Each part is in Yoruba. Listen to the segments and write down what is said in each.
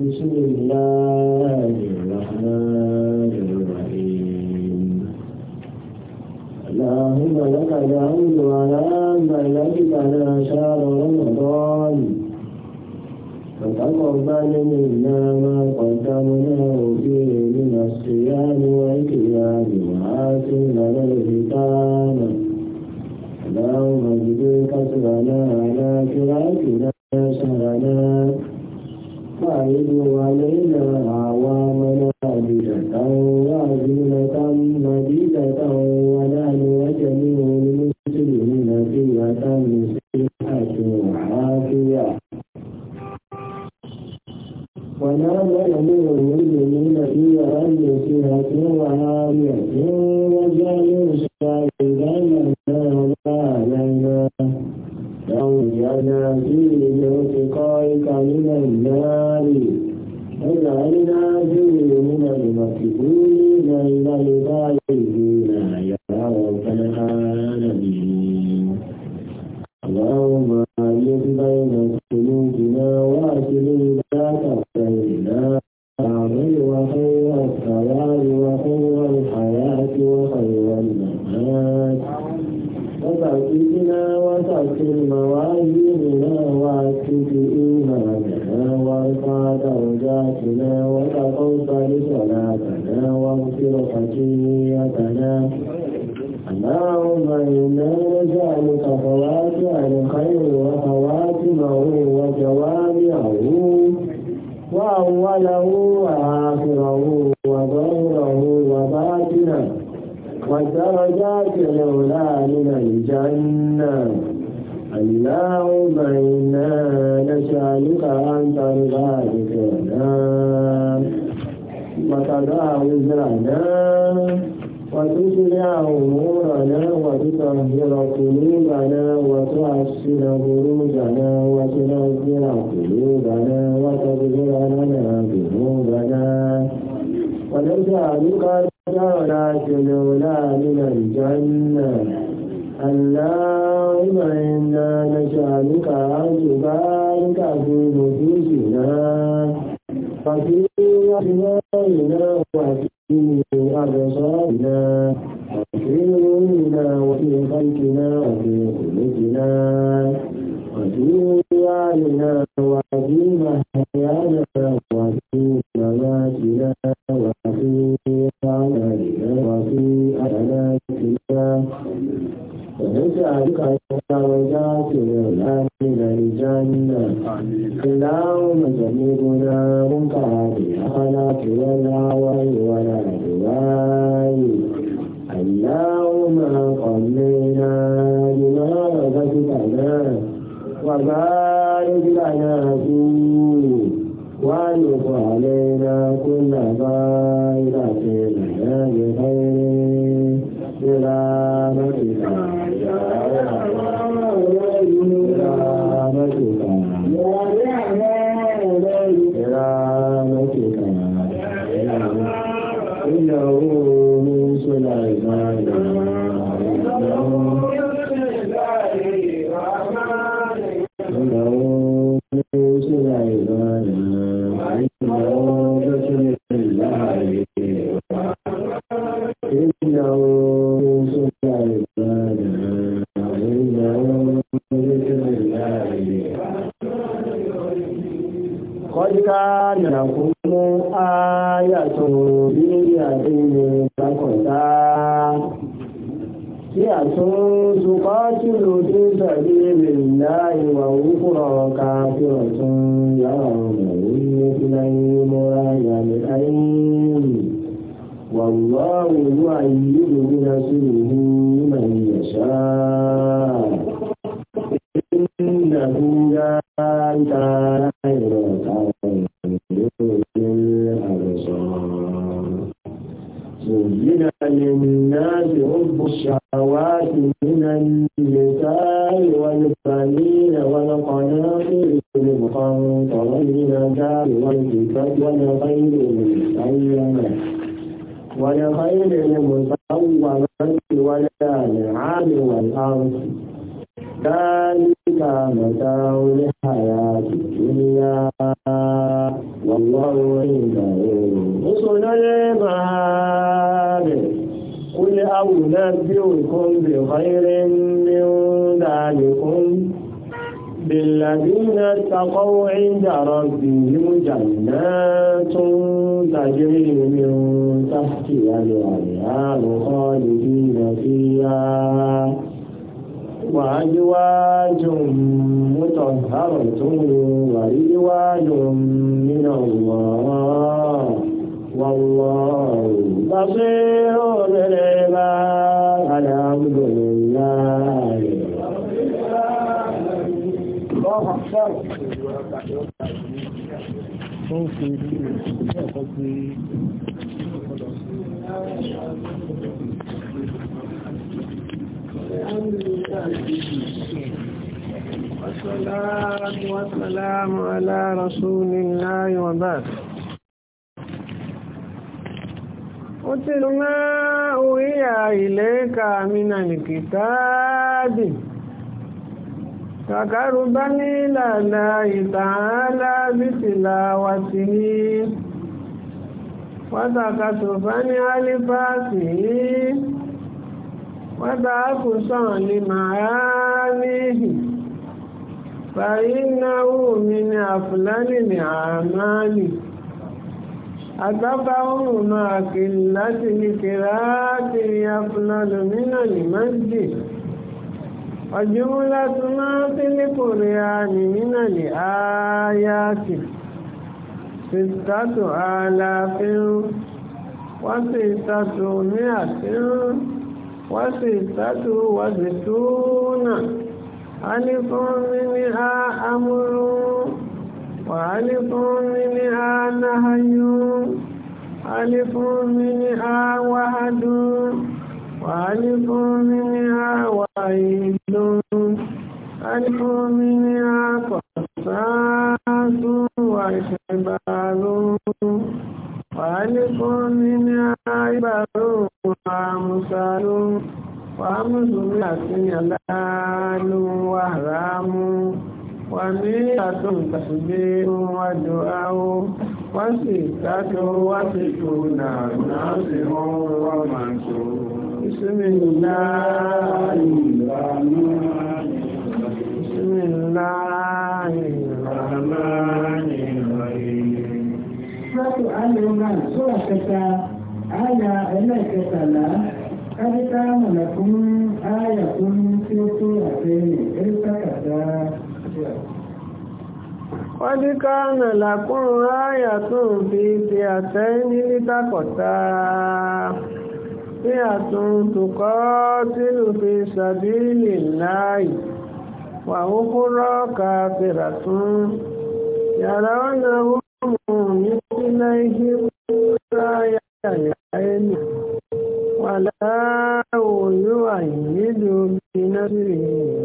بسم الله الرحمن الرحيم اللهم لك الحمد على ما لبثنا شهر رمضان وتقبل منا ما قدمناه ذنوبنا ونجعلك دارنا جلولا من الجنة اللهم إنا نجعلك أن تبارك في نفوسنا وفي أسمائنا زين للناس حب الشهوات من النساء والبنين والقناطير المقنطرة والكتاب والخير المسيمة والخير المسيمة تقربني لله تعالى بتلاوته وتكسفني ألفاته وتعكسا لمعانيه فإنه من أفلل الأعمال أتفهم ما قلة الكرات يفلل من المسجد وجملة ما في القرآن من الآيات ستة آلاف وستة مئة وستة وستون ألف منها أمر وألف منها نهي ألف منها وعد وألف منها وعيد ألف منها قصاص وشباب وألف منها عبر وأمثال وأمثل الأسيلال وأهرام ومئة تسبيح ودعاء وستة وستون ناصر ومنصور بسم الله الرحمن بسم الله الرحمن الرحيم سورة آل عمران سورة كتا آية إلا كتا لا قد كان لكم آية في سورتين إذ قد كان لكم آية في فئتين لتقتا فئة تقاتل في سبيل الله وأخرى كافرة يرونهم مثليهم رأي العين ولا يؤيد بنصره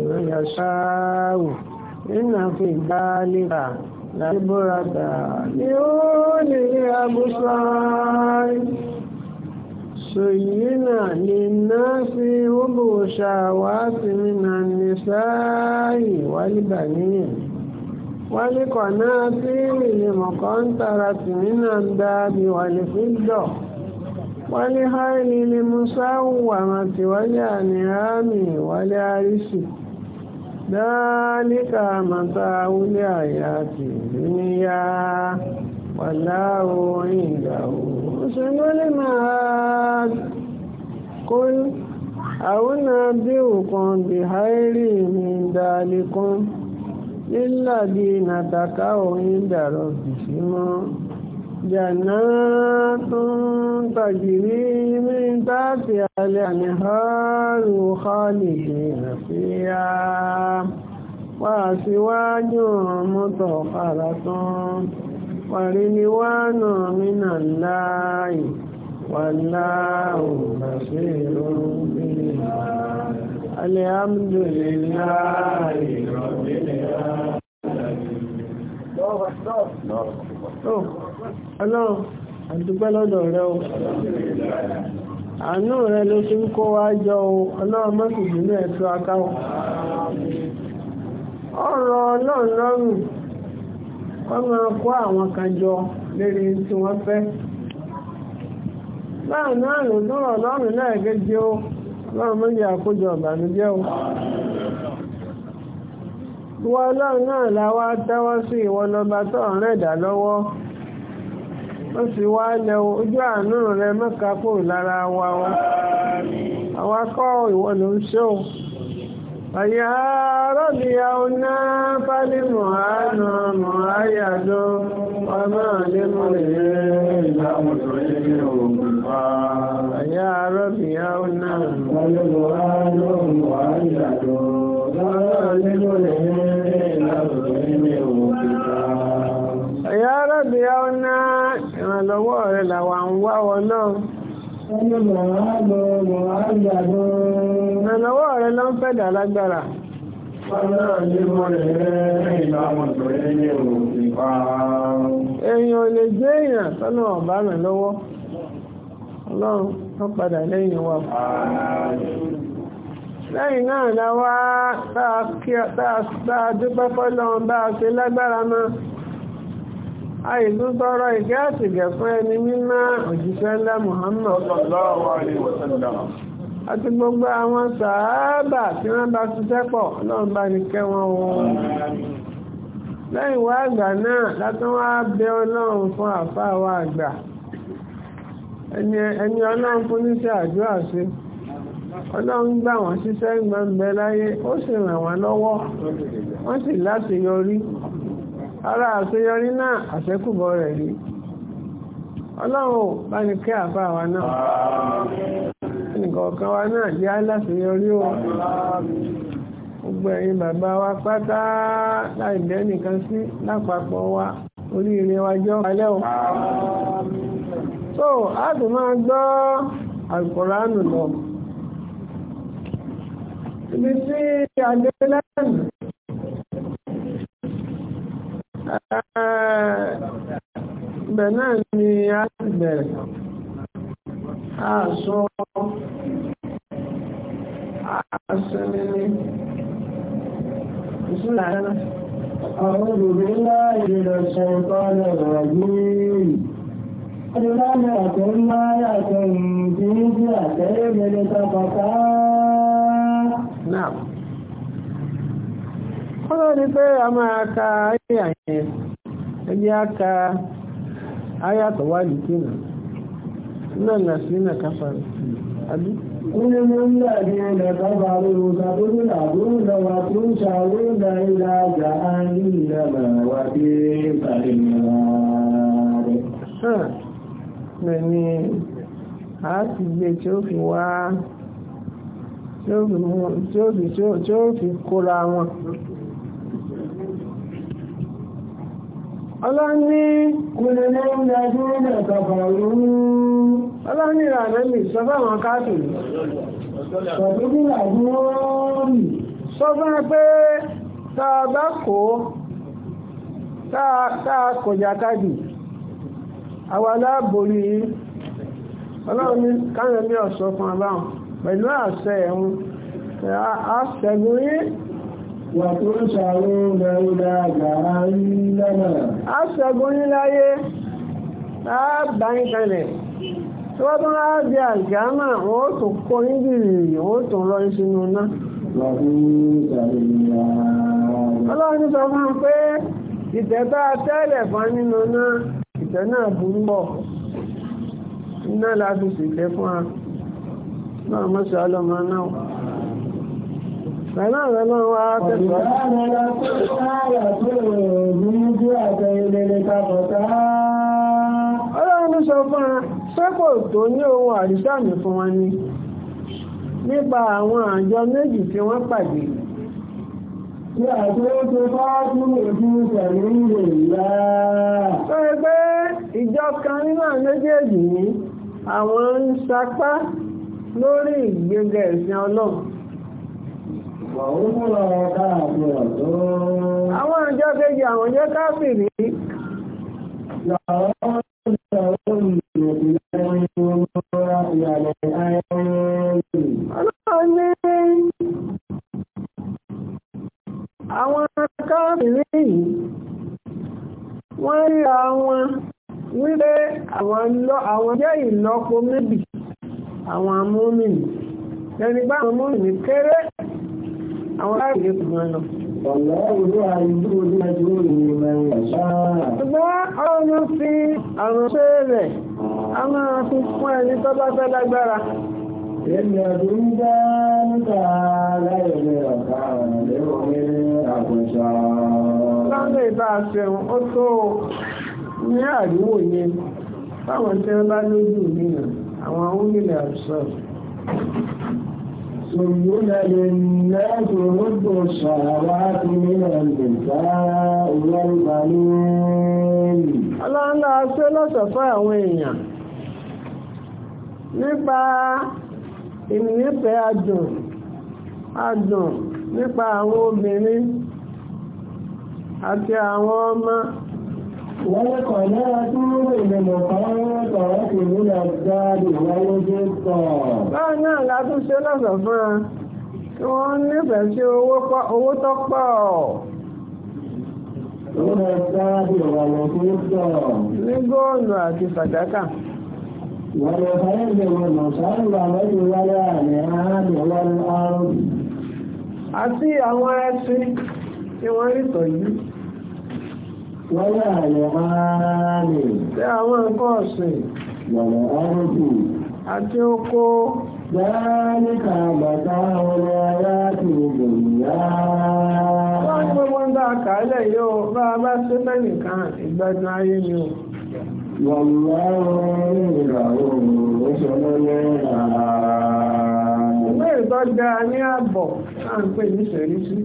من يشاء إن في ذلك لعبرة لأولي الأبصار زين للناس ربو شهوات من النساء والبنين والقناطير المقنطرة من الذهب والفضة والخيل المسومة والأنعام والعرس ذلك متاع الحياة الدنيا والله عنده حسن المآب قل أو ننبئكم بخير من ذلكم للذين تقوا عند ربهم جنات تجري من تحتها الأنهار خالدين فيها وأزواج مطهرة ورضوان من الله والله بصير بنا الحمد لله رب ọlọ́run oh, àdúgbẹ́ lọ́dọ̀ rẹ o àánú rẹ ló ṣe ń kó wá jọ o ọlọ́run mọ́sùlùmí ní ẹ̀tọ́ akáwọ̀ ọ̀rọ̀ ọlọ́run lọ́rùn kọ́ máa kó àwọn kan jọ lérí tí wọ́n fẹ́ báyìí náà ló dúró lọ́rùn lẹ́ẹ̀kejì ó lọ́rùn méjì àkójọ ìbànújẹ́ ó wọ ọlọ́run náà láwá tẹ́wọ́ sí lọba tó ń rẹ̀dà lọ́wọ́ ó sì wá lẹ ojú àánú rẹ mẹ́ka kò lára wa ó àwa kọ́ ló ń ṣe ó àyà rọ́bì ọmọ ọ̀lẹ́mọ̀lẹ́ يا رب يا ونعم والبرهان يا رب يا ونعم ìrànlọ́wọ́ ń wá ọ náà ìrànlọ́wọ́ rẹ̀ ló ń fẹ́dà lágbára lè èèyàn ọ̀bá lọ́wọ́ ọlọ́run wọ́n padà lẹ́yìn wa lẹ́yìn náà láwá táa dúpẹ́ fọ́lọ́run bá a ṣe lágbára mọ́ àìlú tọrọ ìgẹ́ àtìgẹ̀ fún ẹni mímọ́ òjíṣẹ́ ńlá Muhammad àti gbogbo àwọn sàábà tí wọ́n bá ṣiṣẹ́ pọ̀ lọ́n bá ní kẹ́ wọn wọn lẹ́yìn wá àgbà náà látún wá ọlọ́run fún àfáà wa àgbà ẹni ẹni ọlọ́run fún níṣẹ́ àdúrà sí ọlọ́run gbà wọ́n ṣiṣẹ́ gbọ̀ngbẹ láyé ó sì ràn wọ́n lọ́wọ́ wọ́n sì yọrí ara àṣeyọrí náà àṣẹ́kùbọ̀ rẹ̀ rí ọlọ́run bá ní kẹ́ àbá wa náà nìkọ̀ọ̀kan wa náà jẹ́ aláṣeyọrí o gbogbo ẹ̀yin bàbá wa pátá láì bẹ́ẹ̀ nìkan sí lápapọ̀ wa oríire alẹ́ o. so a sì máa gbọ́ alukóránù lọ ibi tí adé lẹ́nu ibẹ̀ náà ni a ti bẹ̀rẹ̀ a sọ àṣẹlẹ́lẹ́ ìṣúná ẹ̀rọ. أعوذ بالله من Ọ كل ما يكن في جهتين ndị aka ayàtọ̀ wà ní kí náà náà sí na káfàrí. Àbí? Kúrò ní ilé àti ilẹ̀ káfàrí òkà tó náà ni a tí ó fi wá tí ó fi tí ó fi tí ó fi kóra wọn. ọlọ́ní kùnlẹ̀ nàìjíríà kàbàrú ọlọ́ní ìrànlẹ́lì sọ́fẹ́ àwọn káàkiri pẹ̀lú nàìjíríà sọ́fẹ́ pé tàbá kò tàà kò jàkadì àwọn aláàbòrí yìí ọlọ́run ní káyọ̀ ní ọ̀sọ́ fún aláhùn pẹ̀lú àṣẹ ẹ̀hún àṣẹ̀gùn yìí wà tó ń ṣàrún lẹ́rúdà gàrá yìí lọ́nà àṣẹ̀gùn yìí láyé àbáyíkalẹ̀ tí wọ́n tún á di àjàmà wọ́n tó kọ́ níbìrì wọ́n tó rọ sínú ìṣẹ́ náà burú pọ̀ iná láti fún a náà mọ́ sí náà rẹ̀ máa wá kẹ́kọ̀ọ́. Ọ̀gbọ̀n tó ní fún wọn ni nípa àwọn àjọ méjì tí wọ́n pàdé. Kí àjọ tó bá túnmù ojú pẹ̀lú ilẹ̀ ìyá. Sọ ìjọ kan nínú àwọn ní àwọn ń sapá lórí ìgbéga ẹ̀sìn ọlọ́run. Àwọn ìjọ kejì àwọn jẹ́ káfìrí. káàkiri yìí wọ́n rí àwọn wípé àwọn jẹ́ ìlọ́po méjì àwọn amúmìnì lẹ́ni bá àwọn amúmìnì kéré àwọn káàkiri kùnmọ́ lọ. Ṣùgbọ́n ọ̀run fi àrùn ṣe rẹ̀, a máa fi fún ẹni tó Lábẹ́ ìbá aṣẹ́un, ó tó ní àríwò yẹn, báwọn tẹ́ bá lójú mìíràn, àwọn orílẹ̀ àṣọ́. سُيِّنَ لِلنَّاسِ حُبُّ الشَّهَوَاتِ مِنَ النِّسَاءِ وَالْبَنِينَ Ọlọ́run lọ́ọ́ ṣe lọ́sọ̀fọ́ àwọn èèyàn nípa ènìyàn fẹ́ adùn adùn nípa àwọn obìnrin àti àwọn ọmọ wáyé kan lára tí ó rò ìrìnlẹ̀ kan wọ́n tọ̀ wọ́n sì ní àjáde wáyé tó tọ̀. báyìí náà la tún ṣe lọ́sọ̀ fún wọn kí wọ́n nífẹ̀ẹ́ sí owó tó pọ̀. ní góòlù àti fàdákà. ونفرغ مسلمة لنا والأرض àti àwọn ẹṣin tí wọ́n rí tọ̀yí wọ́lá àyẹ̀mánì àwọn ọ̀sìn wọ̀lẹ̀ ọ̀rọ̀kù àti oko dáríkà ọ̀rọ̀ wọ́n gbogbo ń dá àkàálẹ̀ yóò bá a bá sí mẹ́nìkan ayé ni o Mẹ́rin tó dáa ní àbọ̀ náà ń pè ní ṣẹ̀rí sí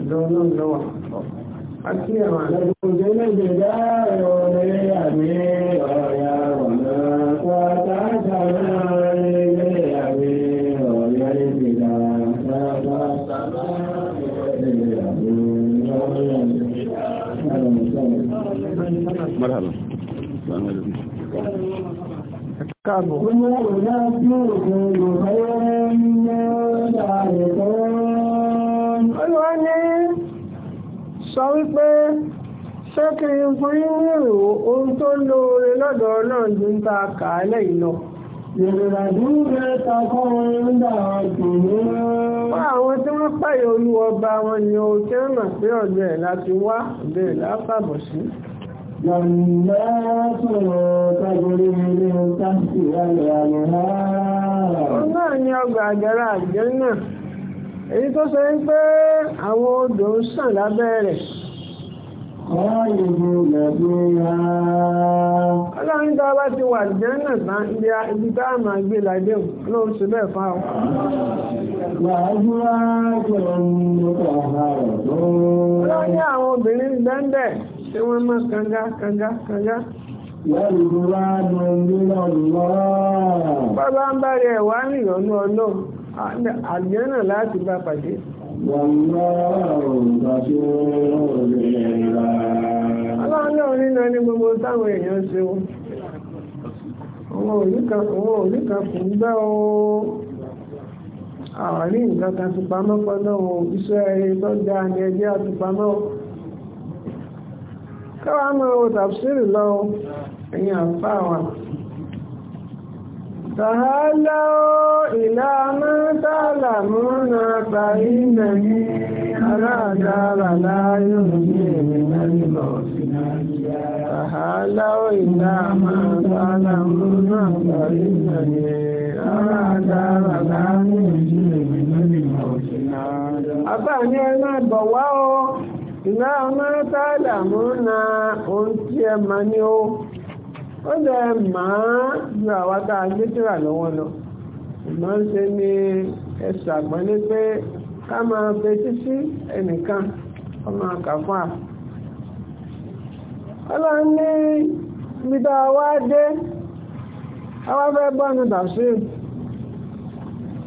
ìdán náà lọ́wà. Àti àwọn àlẹ́gbọ́n jẹ́ lẹ́gbẹ̀ẹ́ dáàrẹ̀ ọ̀rẹ́ àmì ọ̀yà ọ̀nà pàtàkì àárín ilé àmì ọ̀yà ìgbìdà Marhaba káàbọ̀. Olúwa ní sọ wípé ṣé kí n fún yín ní ìrò ohun tó lóore lọ́dọ̀ náà ju ń ta kàálẹ̀ ìlọ. Àwọn tí wọ́n pàyẹ olúwọba wọn ni ó tẹ́rùn-ún sí ọ̀dọ̀ ẹ̀ láti wá ọ̀dọ̀ ẹ̀ lápàbọ̀ sí. جنات تجري من تحتها الأنهار náà èyí tó ṣe ń pé àwọn odò ń sàn lábẹ́ rẹ̀ Ọlọ́run tó bá ti wà tán ibi tá gbé sí bẹ́ẹ̀ àwọn obìnrin ṣé wọ́n mọ̀ kanga kanga kanga. Lọ́lùwà Nàìjíríà lọ́. Bàbá ń bá rẹ̀ wá ní ìrọ̀nú ọlọ́run, àgbẹ̀nà láti bá pàdé. wọ́n. Àwárí nǹkan kan ti pamọ́ pọ́ iṣẹ́ ẹni tó ni ẹjẹ́ àti káwàá mọ́ owó tàbsírì lọ ẹ̀yìn àfá wa tàhálà ìlà mẹ́tàlà múnà tàí nàní aláàdára láyé òní èrè lẹ́yìn lọ sí tàhálà ìlà mẹ́tàlà ìgbà ọmọ tààlà mú na ohun tí ẹ ma ní ó ó lẹ máa ju àwa tá a gbé tíra lọ́wọ́ lọ ìmọ̀ ń ṣe ni ẹ ṣàgbọ́nlé pé ká máa betí sí ẹnìkan ọ máa kà fún à. ọlọ́run ní ibi tá a wá dé a wá fẹ́ bọ́nu tàṣíù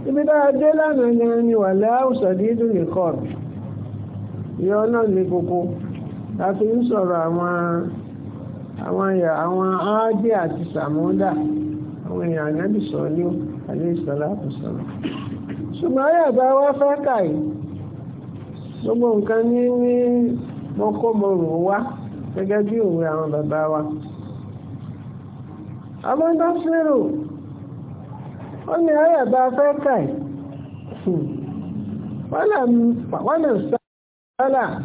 ibi tá a dé lánàá ni wà láwùsọ̀ dídùn nìkan ìyá ọlọ́run ní la fi ń sọ̀rọ̀ àwọn àwọn áádé àti sàmúdà àwọn èèyàn ànábì sọ̀rọ̀ ní àlẹ́ ìsọ̀lá kò sọ̀rọ̀ ṣùgbọ́n ayé àgbà wa fẹ́ gbogbo nǹkan ní ní mọ́kọ́mọ́rò wá gẹ́gẹ́ bí òwe àwọn bàbá wa àwọn bá fẹ́rò ó ní ayé àgbà fẹ́ kàì wọ́n lè قال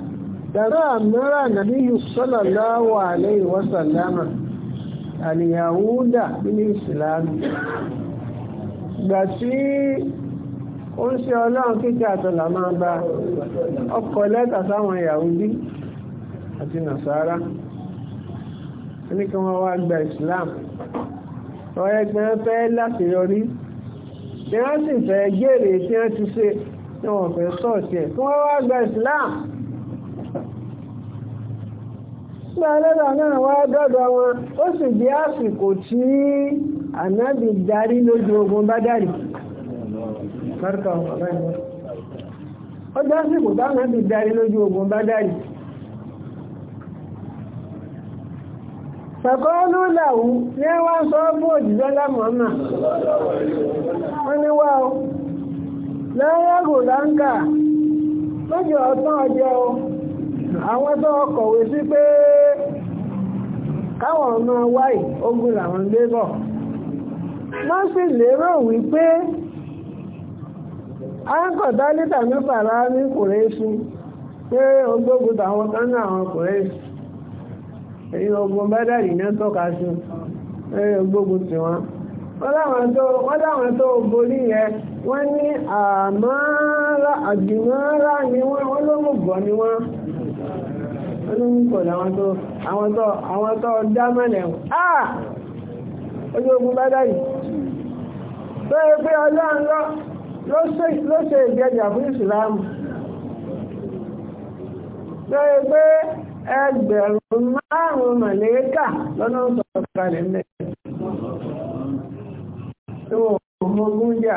تنامر النبي صلى الله عليه وسلم اليهود بالإسلام gbàtí ó ń ṣe ọlọ́run kíkẹ́ àtọ̀là máa bá ọkọ̀ lẹ́tà sáwọn Yahudi àti Nàsárá ní kí wọ́n wá gba Islam ọ̀rẹ́ tí wọ́n fẹ́ láti yọrí tí wọ́n sì fẹ́ gèrè tí wọ́n ti ṣe tí wọ́n fẹ́ sọ́ọ̀tì ẹ̀ kí gba Islam tí a náà wá dọ́dọ̀ wọn ó sì jẹ́ àsìkò tí ànábì darí lójú ogun bá dárì ó jẹ́ àsìkò tánábì darí lójú ogun bá dárì Fẹ̀kọ́ọ́lú làwú ní wá sọ fún òjìjọ́ lámọ́mà. Wọ́n ní wá o, lẹ́yẹ́gò láńkà, lójú ọ̀tán ọjọ́ o, àwọn tó ọkọ̀wé sí pé káwọn ọmọ wáì ogun làwọn gbé bọ̀ wọ́n sì lérò wípé akọ̀dá lítà ní bàrá ní kùrẹ́sù pé ogbógun tàwọn kan ní àwọn kùrẹ́sù èyí ogun bẹ́dàrí ní tọ́ka sí ogbógun tí wọ́n wọ́n láwọn tó borí yẹ wọ́n ní ni wọ́n ló ni wọ́n. olóńgbò làwọn tó àwọn tó dá mọ́lẹ̀ ah ojú ogun bá dáyì tó yẹ pé ọlọ́run ló ṣe ìjẹjà fún ìsìláàmù tó yẹ pé ẹgbẹ̀rún márùn-ún màlẹ́kà lọ́nà sọ̀rọ̀ kalẹ̀ mẹ́rin tó wọ́n mọ́gún jà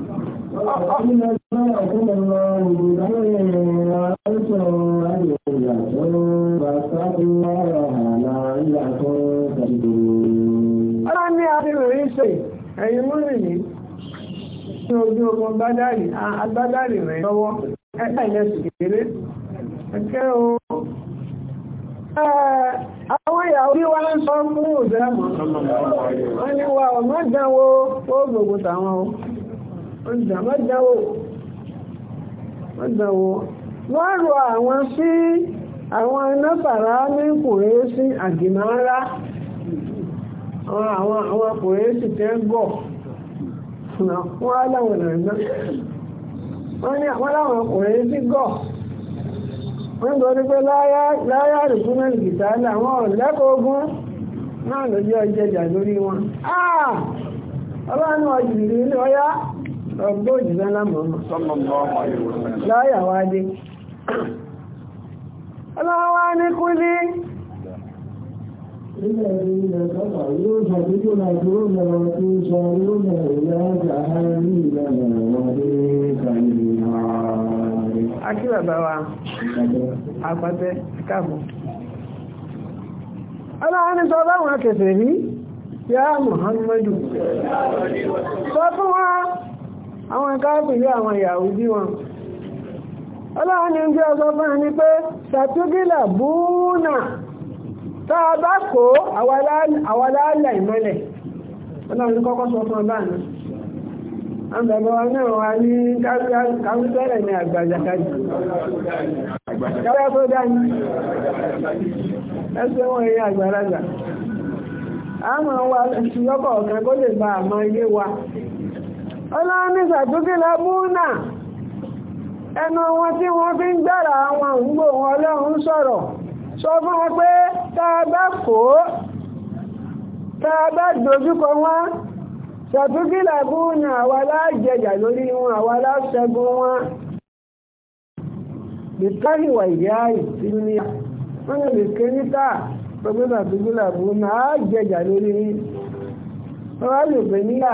Ọlá ní abirùn rí ṣe ẹ̀yìn múrì ní ní ojú ogun bádárì agbádárì rẹ̀ lọ́wọ́ ẹgbẹ́ ìlẹ́sì kéré. Ẹkẹ́ o, àwọn ìyàwó bí wọ́n ń sọ fún òjẹ́ mọ̀. Wọ́n ni wà ọmọ ìdánwò ó gbogbo tàwọn o. ọjà mọ́dáwò mọ́dáwò wọ́n rọ àwọn sí àwọn nọ́bàrá ní kùnrin sí àgbìmọ́ra àwọn kùnrin sì tẹ́ gọ̀ wọ́n láwọn nàìjíríà sí gọ̀ wọ́n gbọ́dọ̀ pé láyá àrùkú náà gìtà láwọn náà lójú lórí wọn. ọlọ́run ọjìnlélọ́yá ọgbọ́ òjìdá lámọ̀ọ́mọ̀ láyà wá dé ọlọ́wọ́ ní kú ní Akí bàbá wa, àpàtẹ, káàbọ̀. Ọlọ́wọ́ ní sọ báwọn kẹfẹ̀ rí, yá Muhammadu. Sọ fún wọn, àwọn káàkiri àwọn ìyàwó bí wọn ọlọ́run ni jẹ́ ọgbọ́n fún ẹni pé ṣàtúgílà búúnà táa bá kó àwàlálẹ̀ ìmọ́lẹ̀ ọlọ́run kọ́kọ́ sọ fún ọba náà àbẹ̀bọ̀ náà wà ní káwùsẹ́rẹ̀ ní àgbàjàkájì káwẹ́ tó dání ẹsẹ̀ wọ́n èyí àgbàlagbà a máa wá ṣùgbọ́kọ̀ ọ̀kan kó lè bá àmọ́ ilé wa ọlọ́ni ṣàtúkí lọ múnà ẹnu wọn tí wọ́n fi ń gbára àwọn òǹgbò wọn ọlọ́run sọ̀rọ̀ sọ fún wọn pé tàbá kó tàbá dojúkọ wọn ṣàtúkí lọ múnà àwa láàjẹjà lórí wọn àwa láṣẹgun wọn bìtáhì wà ìyá ìsinmi ni bìkẹ́ níta pẹ̀lú àtúkí lọ múnà lórí wọn wá lè pè níyà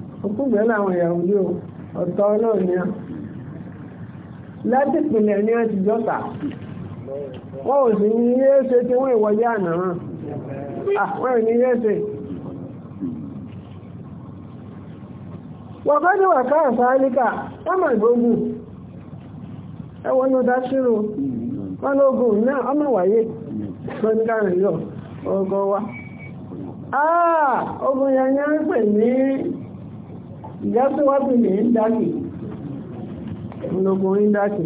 òkúgbẹ́ láwọn ìyàwó ní o náà ni a láti pìlẹ̀ ní ẹ ti jọ́ta wọ́n ò sì ní ṣe tí wọ́n ìwọlé àná ah, wọ́n ní ilé ṣe wọ̀kọ́dé wà káàkiri áríkà wọ́n mọ̀ ìgbógun ẹwọ́n sírò wọ́n lóògùn náà ọmọ wáyé pẹ̀lú ọgọ́ wa ah, ogun yẹn ń pè ìyá tó wá bí lè ń dákì ìlògùn ń dákì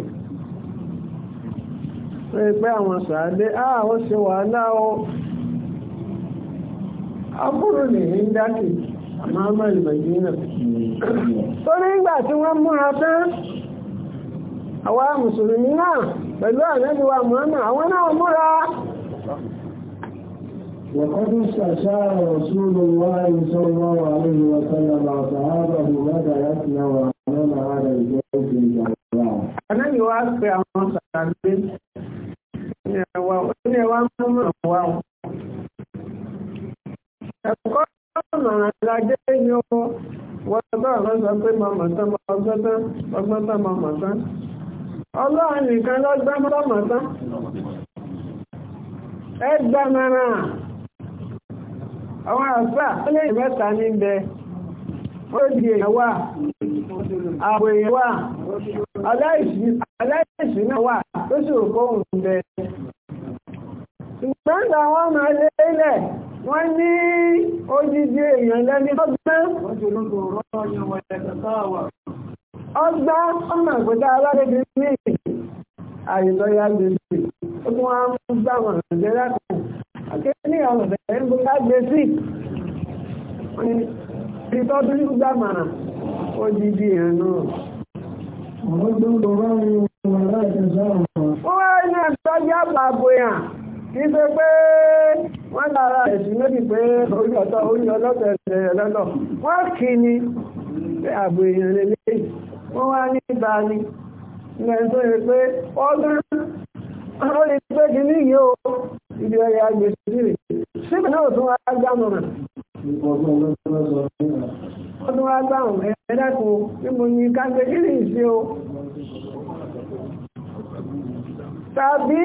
pé pé àwọn sàádé áà ó ṣe wàhálà ó àbúrò lè ń dákì àmọ́ ọmọ ìbàjí náà torí ìgbà tí wọ́n múra tán àwa mùsùlùmí náà pẹ̀lú àlẹ́lúwà mọ́nà àwọn náà múra وقد استشار رسول الله صلى الله عليه وسلم أصحابه ماذا يصنع أمام هذا البيت الجواب. أنا يوافق àwọn sàbí ní ẹwà mú àwa o. ẹ̀kọ́ ọ̀nà ìlàjẹ́ ni ó wọ́n bá àwọn sọ pé màmá tán ọgbọ́n tán ọgbọ́n tán màmá tán. ọlọ́run nìkan lọ́gbọ́n tán màmá tán. ẹ gbàmọ̀ràn àwọn àgbà ilé ìwẹ́ta ní bẹ ó di èèyàn wà àbò èèyàn wà aláìsí náà wà tó sì òkó òun bẹ ìgbẹ́ǹdà wọn máa lé ilẹ̀ wọ́n ní odidi èèyàn lẹ́ni ọgbọ́n ọgbá ọmọ ìgbẹ́ta alábẹ́bí ní àyílọ́yà lè ó tún wá ń gbà wọ̀n jẹ́ láti akéde àwọn ọ̀bẹ̀rẹ̀ ń bó ká gbé sí ti tọ́jú gbà màrà ó di bí ẹ̀ náà. Àwọn tó ń lọ bá ń lọ wọn láti sáà. Ó wá ní àtọ́jú àpapọ̀ yàn kí ṣe pé wọ́n lára ẹ̀sùn méjì pé orí ọ̀tọ̀ orí ọlọ́tẹ̀ ẹ̀rẹ̀ lọ́lọ́. Wọ́n kì ní pé àbò èèyàn lè lè wọ́n wá ní ìbá ni. Ilẹ̀ tó yẹ pé ọdún ó lè pé kí ní yìí ó ibi ọ̀rẹ́ agbèsè rẹ̀ síbẹ̀ náà tún wá gbàmọ̀ rẹ̀ ó tún wá gbàmọ̀ ẹ̀ẹ́dẹ́kùn tí mo yin kágbé kí ní ìṣe o tàbí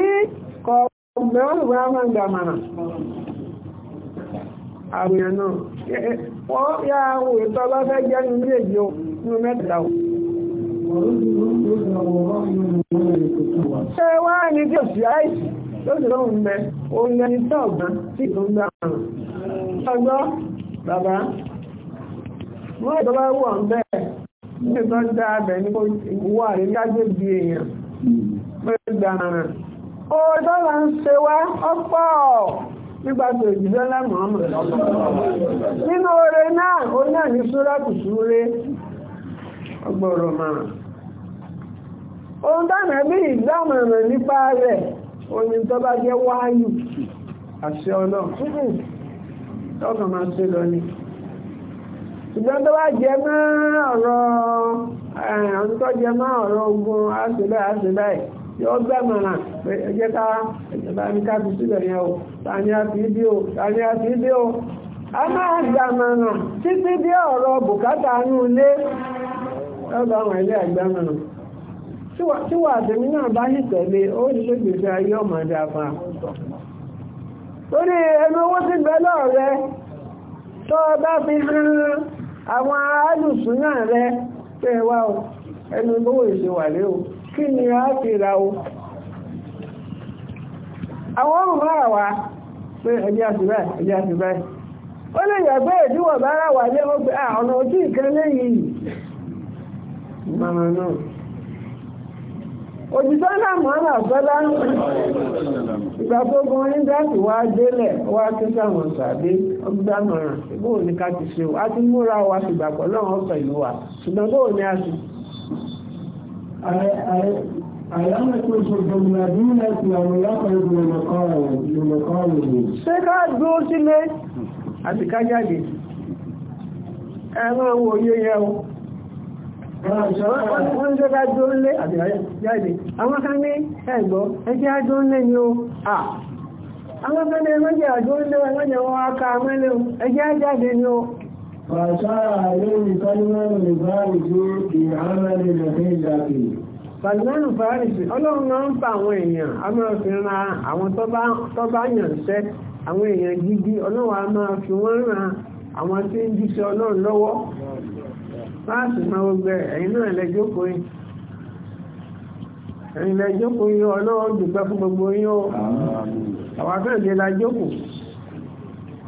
kọ̀ ọ̀gbẹ̀ wọn ìwé àwọn ìgbàmọ̀ràn àwòyàn náà wọ́n yá àwọn ìtọ́ bá fẹ́ jẹ́ nínú èjì o nínú mẹ́ta o ṣe wá ní bí òṣì àìsì lóṣù lọ́hùn mẹ́ òun ẹni tó ọ̀gbọ́n tí ìlú ń gbà àrùn ọgbọ́ bàbá wọ́n ìjọba wọ̀ ń bẹ́ẹ̀ níbi tó ń dá abẹ ní kó wà ní kájé bí èèyàn pé gbà àrùn ó dọ́là ń ṣe wá ọ̀pọ̀ nígbà tó ìjìdọ́lá mọ̀ọ́mọ̀ nínú oore náà ó náà ní súrà kùsùrè ọgbọ̀rọ̀ márùn ohun dáná bí ìdámọ̀ràn nípa rẹ̀ oyi tó bá jẹ́ wáyù àṣẹ ọlọ́run tọ́kàn ṣe lọ ni ṣùgbọ́n tó bá jẹ mọ́ ọ̀rọ̀ jẹ ogun àṣìbẹ́ yóò gbẹ̀mọ̀ràn ẹjẹ́ ká ní sílẹ̀ yẹn o lọ́dọ̀ àwọn ilé àgbàmọ̀ràn tí wà tẹ̀mí náà bá sì tẹ̀lé ó ní ló gbèsè ayé ọmọ dàbà torí ẹnu owó ti bẹ rẹ. tó bá fi hàn àwọn alùsùn náà rẹ pé wá ẹnu owó o kí ni a fi ra o àwọn ọmọ pé báyìí báyìí ó lè yàgbé ìdíwọ̀ bára wà lé ọgbẹ́ àwọn màmá náà òjìṣẹ́ náà mọ́nà àfẹ́lá ìgbà orin dáàtì wá délẹ̀ wá tó sáwọn sàbí ọgbàmọ̀ràn bóò ní ká ti ṣe a ti múra wa ṣùgbà pẹ̀lú àwọn ọ̀sẹ̀ wa ṣùgbọ́n bóò ní a ti Àyáwó tó ṣoṣo ìrìnàjò ní ẹ̀sìn àwọn ìyáfẹ́ ìgbìmọ̀kọ́ rẹ̀. Ṣé wọ́n tó dájú ńlé àbíjáde àwọn kan ní ẹgbọ́ ẹjẹ́ àjọ ńlé ni ó à àwọn kan ní ẹgbẹ́ àjọ ńlé ẹgbẹ́ wọn aka mẹ́lẹ̀ ẹjẹ́ àjáde ni ó Fàṣára àlórí ọlọ́run náà ń pa àwọn èèyàn, a máa fi ran àwọn tó bá àwọn èèyàn gidi, ọlọ́run a máa fi wọ́n ran àwọn tí ń láti mọ gbogbo ẹ̀yìn náà lẹ́jọ́kọ́ yìí ẹ̀yìn lẹ́jọ́kọ́ yìí ọlọ́wọ́ dùpẹ́ fún gbogbo yìí o àwọn akẹ́lẹ̀ lájọ́kù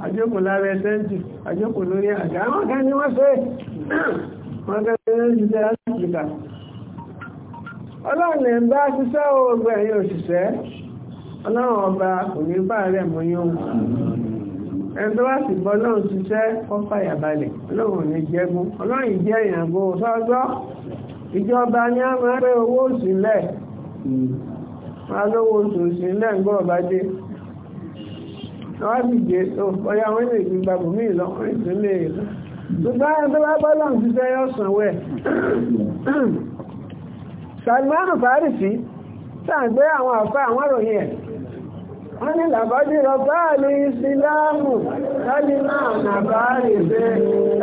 àjọ́kù lára ẹ̀sẹ́ntì àjọ́kù lórí wọ́n ẹni tó wá sì bọ́ lọ́run ṣiṣẹ́ kọ́ fàyà balẹ̀ ọlọ́run ní jẹ́gun ọlọ́run jẹ́ ìyàgbó sọ́gbọ́ ìjọba ní a máa pé owó òsìnlẹ̀ máa lówó oṣù òsìnlẹ̀ ń gbọ́ ọba dé wọ́n sì gbé ọya wọn lè fi gbàgbọ́ mí lọ wọ́n sì lè e lọ gbogbo àwọn tó bá bọ́ lọ́run ṣiṣẹ́ yóò Ani làbádé rọ̀bá ní ìsìláàmù, láti máa nàbá rí pé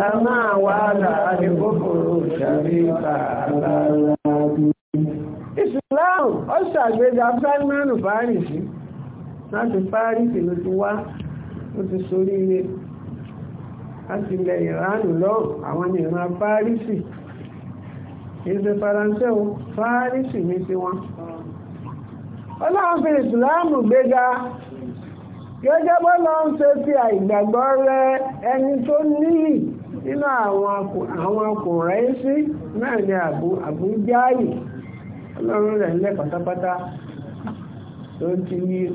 a máa wà láàrin kòkòrò ṣàríkà aláàrí. Ìsìláàmù, ó ṣàgbéga Fẹ́lmánù Fáríṣì, láti Fáríṣì ló ti wá, ó ti sorí ilé. Láti ilẹ̀ Ìránù lọ, àwọn ìran Fáríṣì. Ìṣẹ́ Faransé o, Fáríṣì ní tiwọn. ọlọ́run fi ìsìláàmù gbéga gẹ́gẹ́ bọ́lá ń ṣe fi àìgbàgbọ́ rẹ ẹni tó níyì nínú àwọn ọkùnrin sí náà ni àbújáyì ọlọ́run rẹ̀ lẹ́ pátápátá tó ń ti rẹ̀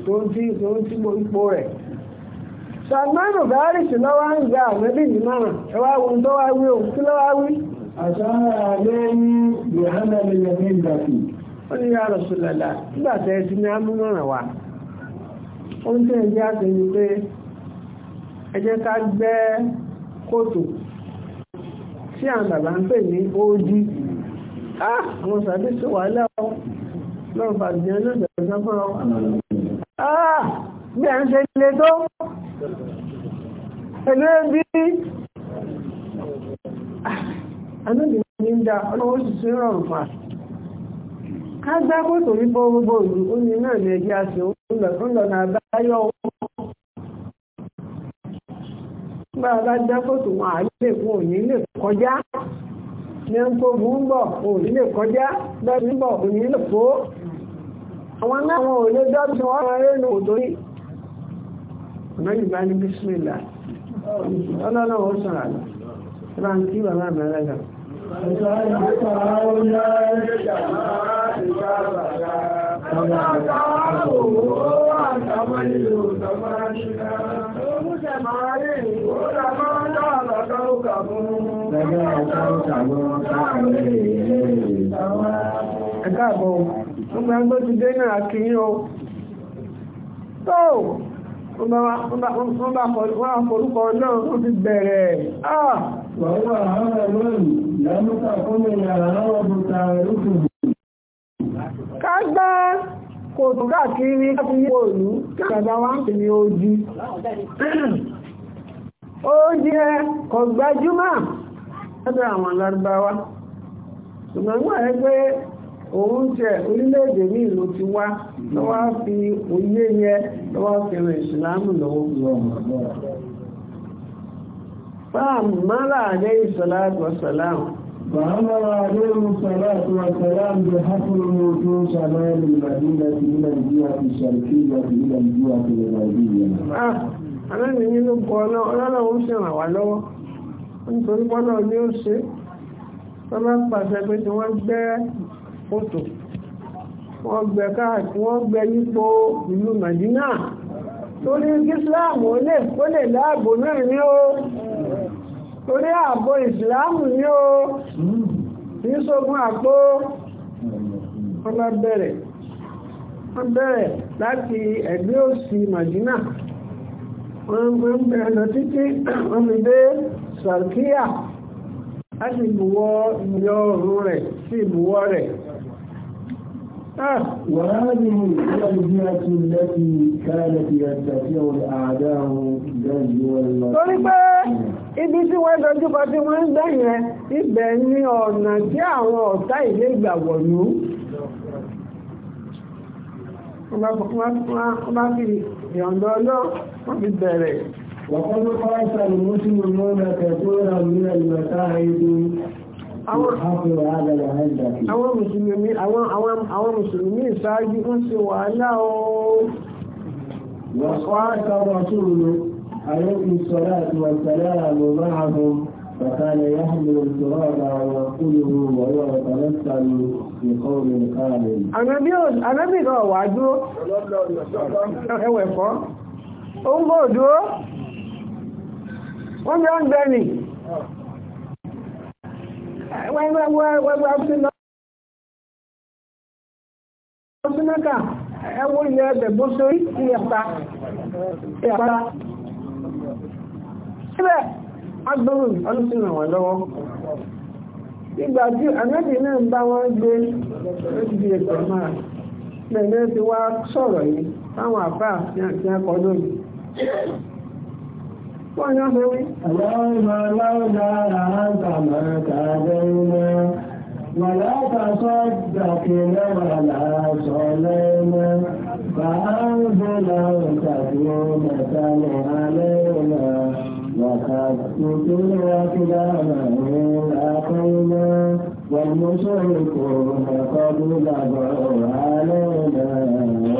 sàgbọ́nù báyìísì lọ́wọ́ ń gba àmẹ́bí yìí náà ẹwà ohun tó wá wí òun kí lọ́wọ́ wí. àṣà àlẹ́ yìí hánà wọ́n ní yàrá sùlẹ̀lá nígbà tẹ́ ẹ ti ní amúnràn wa ohun tí ẹ̀jẹ̀ àti ẹni pé ẹ jẹ́ ká gbẹ́ kòtò tí àwọn bàbá ń pè ní ojú ah, àwọn sàbí sí wàhálà ọ lọ́wọ́ bàbá náà bẹ̀rẹ̀ sọ́kọ́ bí à ń ṣe lè tó ẹ̀lú ẹbí àdúgbò ní ń da ọlọ́wọ́ sì sí rọrùn fún ká gbá kòtò ní gbogbo ìlú ní náà ní ẹgbẹ́ aṣọ ńlọ̀nà àbáyọ bá a bá gbá kòtò wọn àlè fún òní lè kọjá ní ń tó òní lè kọjá bẹ́ẹ̀ ń òní lè kó àwọn náà wọn ò lè dọ́ tí wọ́n rán rẹ́ lò tó rí ọ̀nà ìgbà ní bísímìlà ọlọ́lọ́wọ́ sọ̀rọ̀ àlọ́ Ẹ̀káàbọ̀ ọmọ ẹgbẹ́ ti dé náà kí ní ọ Tó wọ́n bá forúkọ náà ó ti bẹ̀rẹ̀. Ah! وهو عمل لم تكن الأعراب تعرفه kágbá kò tó káàkiri láti òlú kàgbà wá ń pè ní ojú ó jẹ́ kọ̀gbájúmọ̀ lọ́dọ̀ àwọn lárúbáwá ṣùgbọ́n wà òun jẹ́ orílẹ̀-èdè ní ìlú ti wá lọ́wọ́ fi yẹ lọ́wọ́ lọ́wọ́ فأمر عليه الصلاة والسلام فأمر عليه الصلاة والسلام بحفره في شمال المدينة إلى الجهة الشرقية إلى الجهة الغربية. آه أنا من يقول أنا لا أمشي ولو nítorí pọ́nà ní ó ṣe wọ́n máa ń pàṣẹ pé tí wọ́n gbẹ́ òtò wọ́n gbẹ́ káàkiri wọ́n gbẹ́ yípo ìlú Màdínà torí Islam ó lè láàbò náà ní ó torí ààbò ìsìláàmù ní o ní sógun àpó ọlọ́ bere láti ẹgbẹ́ òsì màjínà wọ́n ń bẹ̀rẹ̀ lọ títí wọ́n sàrkíyà láti ìbùwọ̀ rẹ̀ sí rẹ̀ Ah, وهذه هي الجهة التي كانت يستطيع الأعداء دجو المصير ibi tí wọ́n dojúkọ tí wọ́n ń gbẹ̀yẹn ibẹ̀ ni ọ̀nà tí àwọn ọ̀tá ilé ìgbà wọ̀nyú. wọ́n bá fi ìyọ̀ndọ́ lọ wọ́n fi bẹ̀rẹ̀. wọ́n kọ́ ló kọ́ ẹ̀sán ìmúṣùmùmọ́ mẹ́tẹ̀ẹ́ tó rà nílẹ̀ ìgbẹ̀ta àwọn mùsùlùmí àwọn mùsùlùmí ìsáájú ń ṣe wàhálà oó wọ́n sábà túnrù àwọn ìṣọ́lá àti wàtàlá àwọn máàrùn فكان يحمل التراب ويقوله وهو يتمثل في قول كامل. أنا بيوز أنا بيوز وعدو ẹwẹ̀ fọ́ ó ń bọ̀ dúró wọ́n bẹ́ẹ̀ ń gbẹ́ ni wẹ́wẹ́ sí lọ sí mẹ́ta ẹwọ́ ilẹ̀ ẹgbẹ̀ bó sórí ìyàpá ìgbà tí àmẹ́bì náà bá wọ́n gbé máa ti wá sọ̀rọ̀ yìí táwọn àti اللهم لولا أنت ما تدينا ولا تصدقنا ولا صلينا فأنزل سكينة علينا وخفت الأقدام من أخينا والمشركون قد بغوا علينا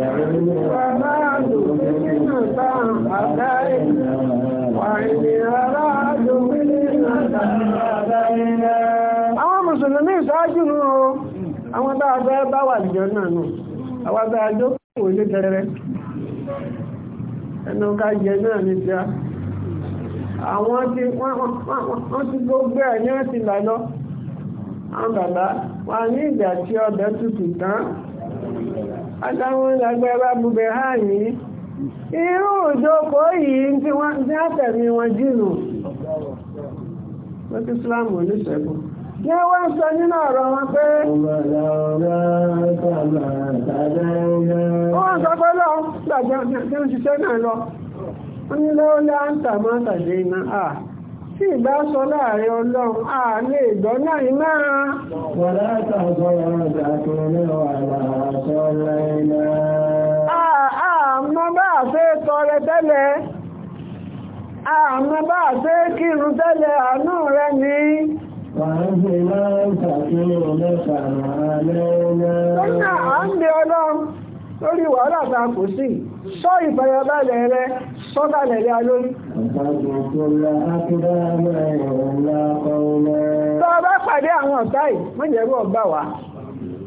وبعد فتنة علينا àwọn mùsùlùmí ìsáájú nù o àwọn bá abẹ́ bá wà Àwọn náà nù àwọn abẹ́ ẹnu ká jẹ náà ní àwọn tí wọ́n ti gbogbo ẹ̀ ní ọ̀tí lálọ́ àwọn bàbá wà ní tán adáwọn bá irú ìjókòó yìí tí wọ́n tí á wọn jìnà lókè islam oníṣẹ́gun ní wọ́n ń sọ nínú ọ̀rọ̀ wọn pé wọ́n sọ pé lọ gbàgbà tí ó ṣiṣẹ́ náà lọ wọ́n ní máa àmọ́ bá fẹ́ tọrẹ tẹ́lẹ̀ àmọ́ bá fẹ́ kírun tẹ́lẹ̀ àánú rẹ ní Sọ́nà à ń bẹ ọlọ́run lórí wàhálà ta kò sí, sọ ìfẹ̀yàbálẹ̀ rẹ, sọ́bàlẹ̀ rẹ lórí. Tọ́ bá pàdé àwọn ọ̀tá yìí, mọ́jẹ̀rú ọgbà wá.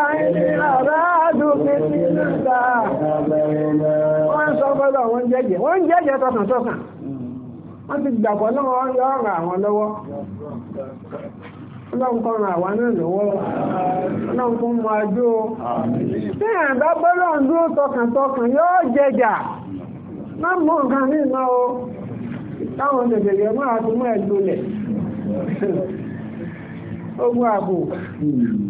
wọ́n tọkàntọkàn ti gbàgbọ́ àwọn lọ́wọ́ ọlọ́run àwọn náà lọ́wọ́ ọlọ́run kọ́ ajó tí dúró tọkàntọkàn yóò jẹjà nǹkan ní o táwọn jẹjẹrẹ máa mọ́ ogun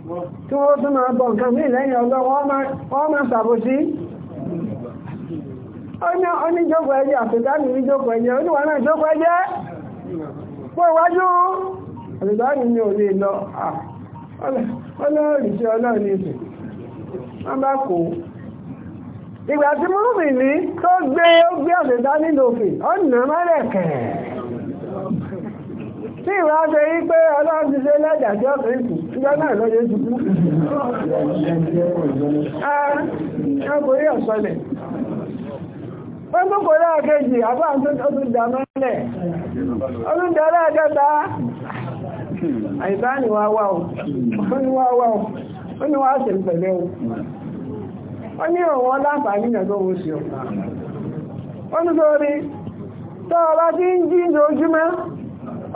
tí wọ́n tún máa bọ̀ nǹkan mí lẹ́yìn ọlọ́wọ́ wọ́n máa sàbòsí oníjókòó ẹjẹ́ àtìdáni oníjókòó ẹjẹ́ oníwà náà ẹjẹ́ pọ̀ iwájú àtìdáni tí ọlọ́rìn ìsìn ní tó gbé ó gbé àtìdáni lòfin ọ̀nà mọ́lẹ̀kẹ̀ẹ́ tí ìwà ṣe yí pé ọlọ́run lẹ́jàjọ́ kìrìsì ìjọ náà lọ yé dúdú ọkùnrin ọ wọ́n tó ọsọ láà kejì àbá ọkụ mẹ́lẹ̀ ọdúndà lẹ́ẹ̀kẹta àìbá ni wá wá o ó ní wá wá o ó ní wá ṣe pẹ̀lẹ́ o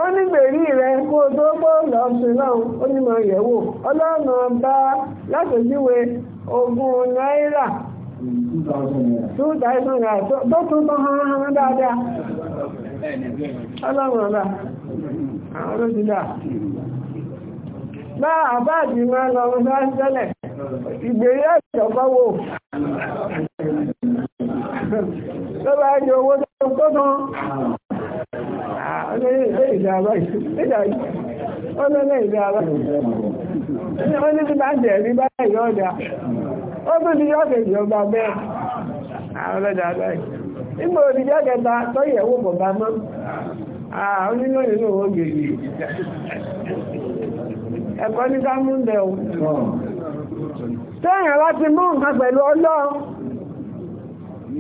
ó ní gbèrí rẹ kó o tó gbọ́ lọ́ọ̀sùn lọ́hùn ó ní mọ̀ yẹ̀wò ọlọ́nà bá látòjúwe ogún náírà two thousand tún tán hánáhán dáadáa ọlọ́run ọ̀la àwọn olóṣìlá bá àbáàdì máa lọ ọmọ sáà tẹ́lẹ̀ ìgbèrí ẹ̀ṣọ̀kọ́ wò bá jẹ owó tó tán ìdá báyìí ọlọ́lẹ́ ẹ̀kọ́ ní tẹ́yìn láti mú nǹkan pẹ̀lú ọlọ́run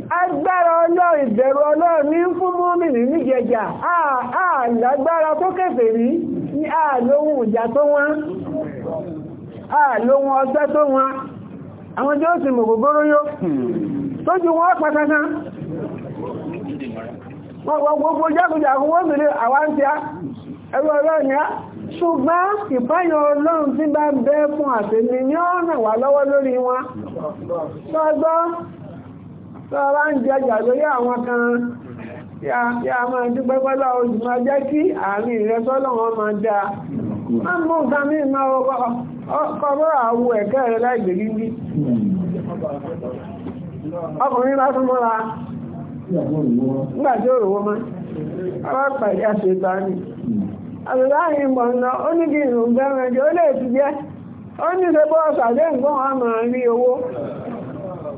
agbára ọlọ́run ìbẹ̀rù ọlọ́run ní fún mọ́mìnì ní jẹjà àlágbára tó kẹfẹ̀ rí ní àlóhun ìjà tó wọ́n àlóhun ọ̀sẹ́ tó wọ́n àwọn jẹ́ òsì mọ̀gbogbo yó tó jù wọ́n pàtàkà gbogbo jákùjà àwọn obìnrin àwáńtíá ẹgbẹ́ ọlọ́run yá ṣùgbọ́n ìbáyọ̀ ọlọ́run tí bá bẹ́ fún àtẹ́ni ní ọ̀nà wà lọ́wọ́ lórí wọn tọ́ra ń jẹ jàgbé yá àwọn kan ya máa dúpẹ́ pẹ́lá oṣù máa jẹ́ kí àárín rẹ máa dá má mú nǹkan mí máa kọ́bọ́ àwọ ẹ̀kẹ́ rẹ láì gbèrí ọkùnrin bá tún mọ́ra mọ́ ṣe bọ́ọ̀sà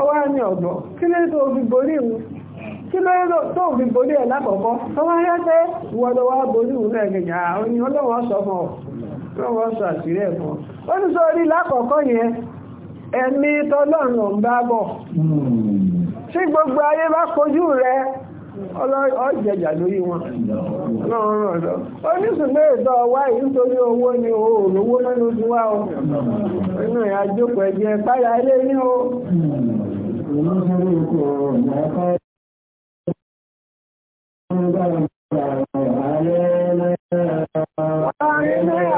ọwá ní ọ̀gbọ̀ kí ló tó fi borí ìwú kí ló tó fi borí ẹ̀ lákọ̀ọ́kọ́ ọwá yẹ́sẹ́ wọ́lọ́wọ́ borí ìwú sọ fún ọ lọ́wọ́ sọ àṣírí yẹn ọjẹjà lórí wọn náà ràn lọ ó ní ṣùgbọ́n ètò ọwá yìí owó ni o mẹ́nu ti wá o inú ìyájókòó ẹ̀jẹ̀ páyà ilé ní o. Wọ́n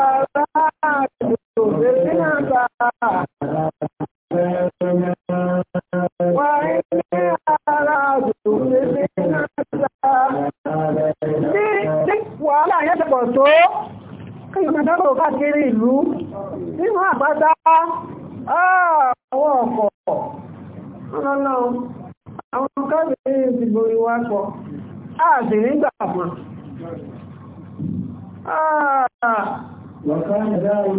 ìpàdánù káàkiri ìlú nínú àpáta ah, àwọn ọ̀pọ̀ ọlọ́lọ́ àwọn káàkiri ìdìbò ìwápọ̀ ààbì nígbà mọ́ ah. Ọ̀rọ̀ yẹ́ ń fáwọn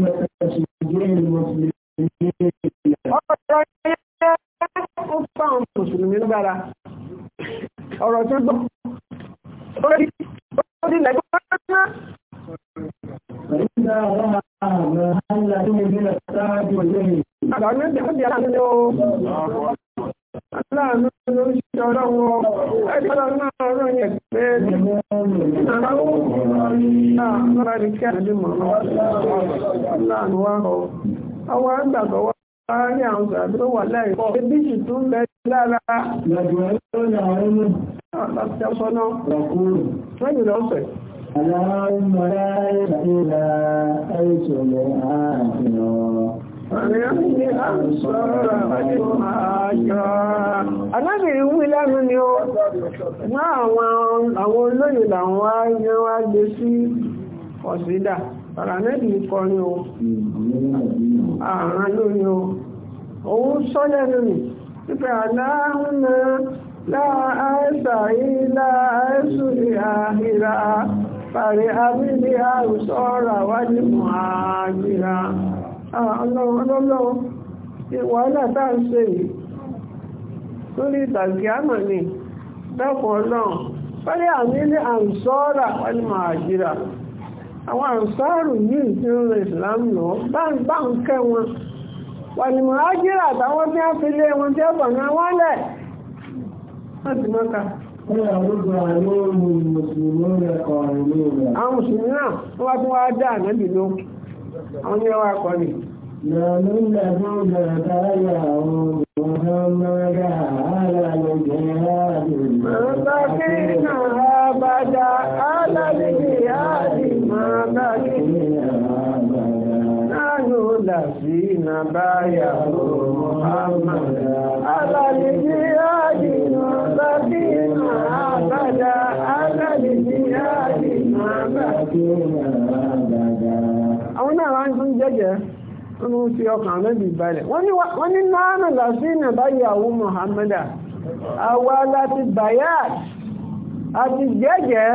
Mùsùlùmí gbára. Ọ̀rọ̀ tó gbọ́. Aláàánú ló ń ṣe ọlọ́wọ́ ẹgbẹ́lá náà rán yẹ̀ pé àwọn àríkẹ́ àdímọ̀ aláàánú wá kọ́. Àwọn àgbàgbọ́ wá ní àwọn ìgbàgbé tó wà láìpọ̀. Ebí sì tún bẹ lára. Ìgbàgbọ́ اللهم لا علم إلا أيت الآخرة Alábìnrin wí lẹ́nu ni ó, máa àwọn olóyìn làwọn ayé wá gbé sí ọ̀sídà, Paramẹ́dì kọ ni ó, àrán lórí ó, òun sọ lẹ́nu pípẹ́ aláhùn láàáṣà Fàrí abílé àrùsọ ọ̀rọ̀ àwájú mọ̀ ìwọ̀ ọ̀nà ń ṣe lórí ìtàgé àmọ̀ ni dákùn ọlọ́run. Fàrí àmílé àrùsọ ọ̀rọ̀ àwájú mọ̀ Àwọn yìí ń ìsìlámù lọ, bá ń kẹ́ wọn. àtàwọn tí wọ́n fi lé wọn tí bọ̀ náà wọ́n lẹ̀. Wọ́n Àwọn Mùsùlùmí náà wọ́n wá tún wá dá ànábì ló, àwọn ní ọwá akọ ni. Lọ́nà ìlàgbọ́n bẹ̀rẹ̀ báyà الذين بايعوا محمدا على الجهاد الذين أبدا على الجهاد àwọn náà wá ń tún jẹ́jẹ́ wọ́n mú sí ọkàn àmẹ́bì balẹ̀ wọ́n ní náà lásìnà báyìí àwọn Muhammadu àwa láti bayat àti jẹ́jẹ́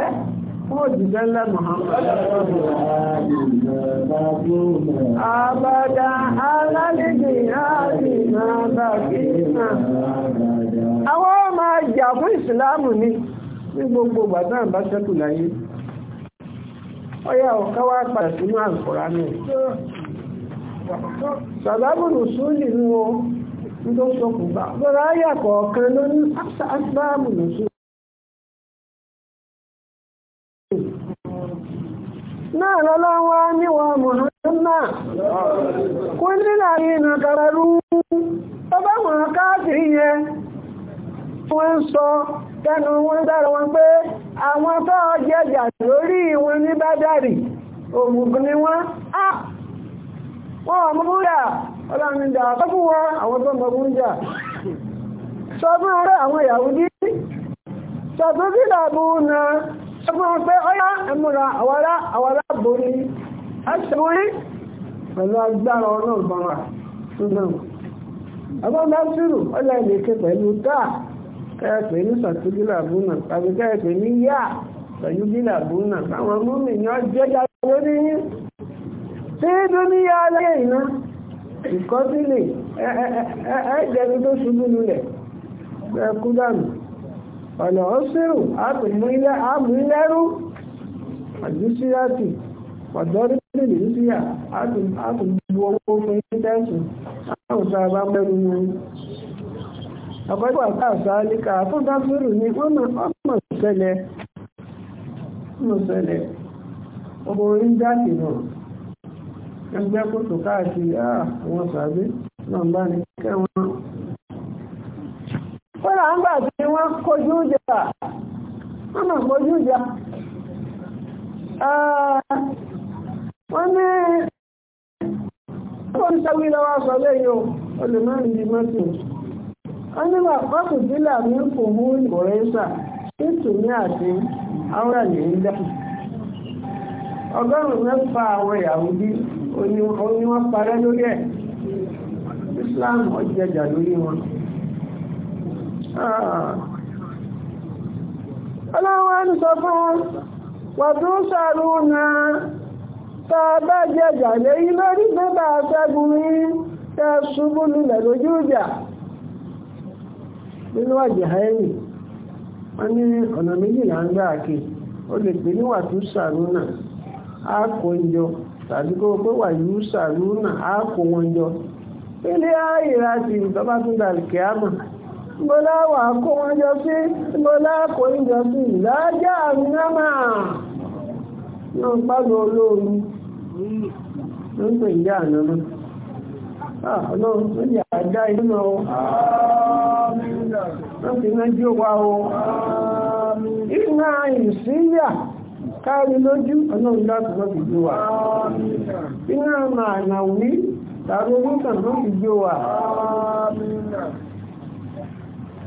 fún òjìṣẹ́ ńlẹ̀ Muhammad. àbàdà alálejò ìhàbì náà àwọn máa jà fún ìsìláàmù ni ní gbogbo bàtà àbá sẹ́kù láyé. ọyá ọ̀ká wá padà sínú àǹkọ̀rá náà. ń tó ọlọ́wọ́ níwọ̀n mọ̀hánmà kú nílà ìrìnà kàràrú tó bá wọn káàkiri yẹn wọ́n ń sọ tẹnu wọn dára wọn pé àwọn tó jẹjà lórí wọn ní bádàrí òmùgùn ni wọ́n á wọ́n wọ́n mú yà àwọn tó mọ̀ jà sọ fún ọ̀rẹ́ àwọn Yahudi sọ fún wọn pé ọyá ẹmúra àwárá àwárá borí aṣèwọ́rí pẹ̀lú agbára ọlọ́run bá wà ọgbọ́n bá sírù ọlá ìlèkè pẹ̀lú táà kẹ́ẹ̀pẹ̀ ní sàtúgílà búnà tàbí kẹ́ẹ̀pẹ̀ ní yá sàtúgílà búnà táwọn múmi ni na ọ̀nà ọ̀sẹ̀rù àmúlẹ́rú àdúsíyàtì ọ̀dọ́rí nílùú ìdíyà àtúgbò owó fún ìtẹ́sùn àwùsọ àbámẹ́rù ni ọ̀pọ̀lọpọ̀ àkáàsọ alíkà fún ní ọmọ ọmọ orí náà ẹgbẹ́ kòtò káàkiri àwọn ah, sàbí náà bá ní kẹwọn kọ́lá ń gbà tí wọ́n kojú ìjà wọ́n mọ̀ kojú ìjà wọ́n ní ọdún lọ́wọ́ olùmọ́rin di mọ́tò wọ́n ní kò mú títù ní àti ọgọ́rùn-ún mẹ́fà àwọn ìyàwó bí parẹ́ lórí ẹ̀ Ah. ọlọ́wọ́ ń sọ fún wọ̀tún sọ̀rọ̀ náà tá a bá jẹjà lẹ́yìn lórí ṣẹ́gun ní lójú ìjà nínú àjẹ́ ẹ̀yìn wọ́n ní ọ̀nà méjìlá ń gbà kí o lè pè ní wàtú sàrúnà á tàbí kó pé wọn ilé láti gbọ́lá wà kó wọn jọ sí gbọ́lá kò ń jọ sí ìdájọ́ àmìnámà náà pàdé olóoru ló ń pè ní ànámà ah, ọlọ́run tó lè àjá ìdúnà o wọ́n ti ná jí wa o iná ìsíyà káàrí lójú ọlọ́run dákùnrin ti jí wa iná màánà wí tàbí orúkàn tó ti jí wa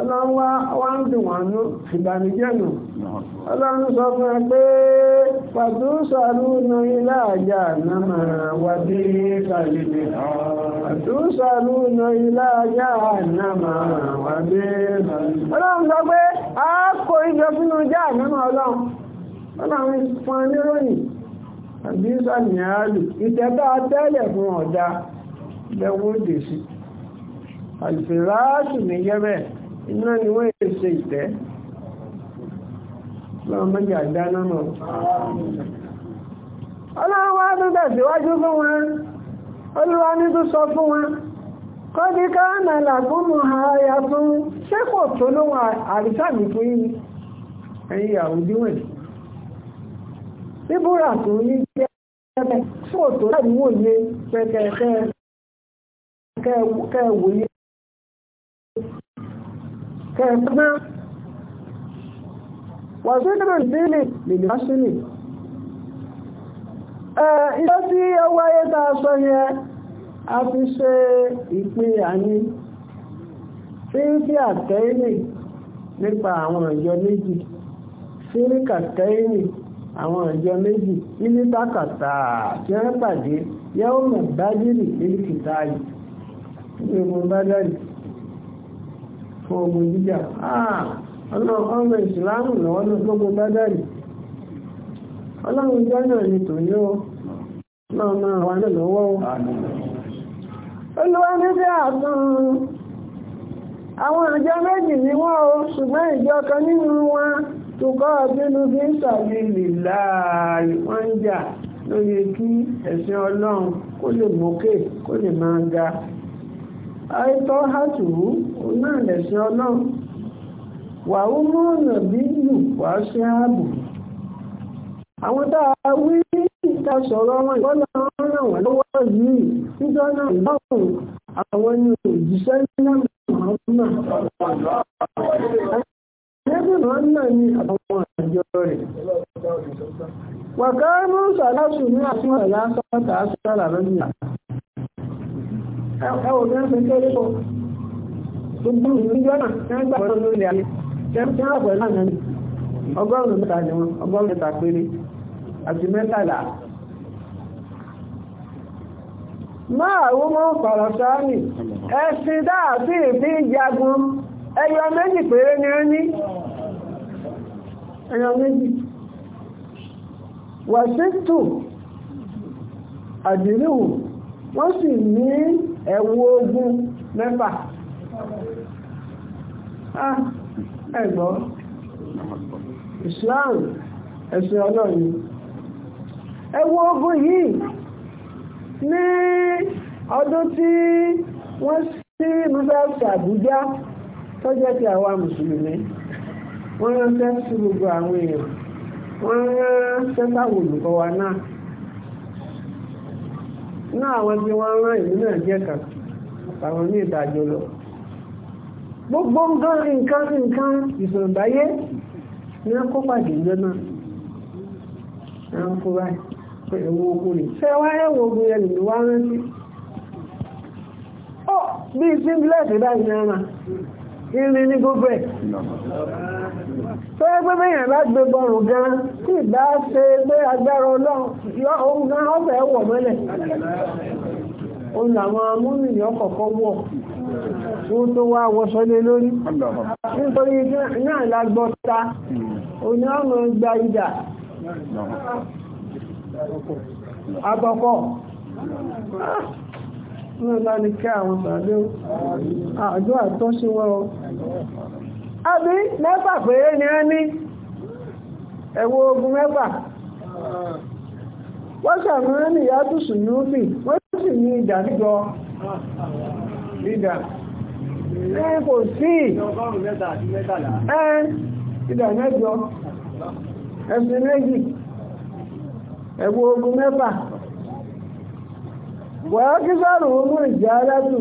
ọlọ́run wá wá ń dùn wọn nú ìbànújẹ́ nù ọlọ́run sọ fún ẹ pé pàtó sàlùnà ilé àjà nàmà wà bí kàlìbì pàtó sàlùnà ilé àjà nàmà wà bí kàlìbì. ọlọ́run sọ pé a kó ìjọ sínú jà nàmà ọlọ́run ọlọ́run fún ẹ níròyìn àbí sàmìálù Ina ni wọ́n yẹ ṣe ìtẹ́ lọ́wọ́ mẹ́jọ àdáná mọ̀ ọlọ́run wá fún wọn olúwa ní tó sọ fún wọn kọ́dí káàmà làgúnmù ààyà fún ṣé kò tó àrísàmì fún yín ẹ̀yìn ìyàwó díwẹ̀ tó ní jẹ́ fún كيفما وظلم الذل للمحسنين ìjọ tí ọwọ́ ayé ta sọ yẹn a fi ṣe ìpín àní fíríkì àtẹ́yìnì nípa àwọn ìjọ méjì fíríkì àtẹ́yìnì àwọn ìjọ méjì ilé tákàtà tí wọ́n pàdé yẹ́wọ́n mọ̀ dájú nìkéjì kìtà yìí nínú bá dájú fún ogun jíjà ah, ọlọ́ọ̀kọ́mọ̀ ìsìláàmù lọ́wọ́ ní gbogbo ọlọ́run ni náà náà tukọ́ bínú bí ń lìláàrí wọ́n kí ẹ̀sìn ọlọ́run kó lè kó lè ga àìtọ́ hàtùrú náà lẹ̀sìn ọlọ́run wà ó mọ̀ọ̀nà bí yù wá sí ààbò àwọn tá wí ta sọ̀rọ̀ wọn ìkọ́lá wọn ràn wọ́n lọ́wọ́ yìí níjọ́ náà lọ́rùn àwọn ni òjíṣẹ́ náà mọ̀ọ́mà ẹgbẹ̀rún náà ní àwọn àjọ rẹ̀ wàkàrà mọ́sàlásù ní àtúnwà lásán tààsàrà lọ́nà ẹwọ ní ẹgbẹ́ tó rí bọ̀ gbogbo mílíọ̀nà ẹgbẹ́ ọ̀rọ̀ lórí ayé kẹ́míkẹ́ ọ̀pọ̀ náà nẹ́ni ọgọ́rùn-ún mẹ́ta ni wọn ọgọ́rùn-ún mẹ́ta péré àti mẹ́tàlá máa wó mọ́ pàrọ̀ sáárì ẹ̀sìn dáàbí ìbí jagun ẹyọ méjì péré ni ó ní ẹyọ méjì wàṣíntù àdìríwò wọ́n sì ní ẹ̀wù ogun mẹ́fà ah, ẹ̀gbọ́ Islam ẹ̀sìn ọlọ́run ẹ̀wù ogun yìí ní ọdún tí wọ́n sí rivers Àbújá tó jẹ́ ti àwa mùsùlùmí wọ́n ránṣẹ́ sí gbogbo àwọn èèyàn wọ́n ránṣẹ́ sáwọn olùkọ́ wa náà náà àwọn tí wọ́n rán ìlú náà jẹ́ kan àtàwọn ní ìdájọ́ lọ gbogbo nǹkan nǹkan nǹkan ìsọ̀nbáyé ní wọ́n kó pàdé ìjọ náà àwọn fúra pé ẹ̀wọ̀ iri ní gbogbo ẹ̀ tó yẹ pé bẹ́yàn bá gbé bọrùn gan tí ṣe agbára ọlọ́run òun gan ọ̀fẹ́ wọ̀ òun làwọn ọkọ̀ọ̀kọ́ wọ̀ ní ọlá ní àwọn àjọ àtọ́ṣe wọ́n ọ mẹ́fà ni a ní ẹ̀wọ̀ ogun mẹ́fà wọ́n sàmúrẹ́ ní ìyá ní òbí wọ́n sì ní ìdà nígbọ́ ìdà ní kò sí ìdà mẹ́jọ wọ́n kí sọ́rọ̀ ohun ìjà alátù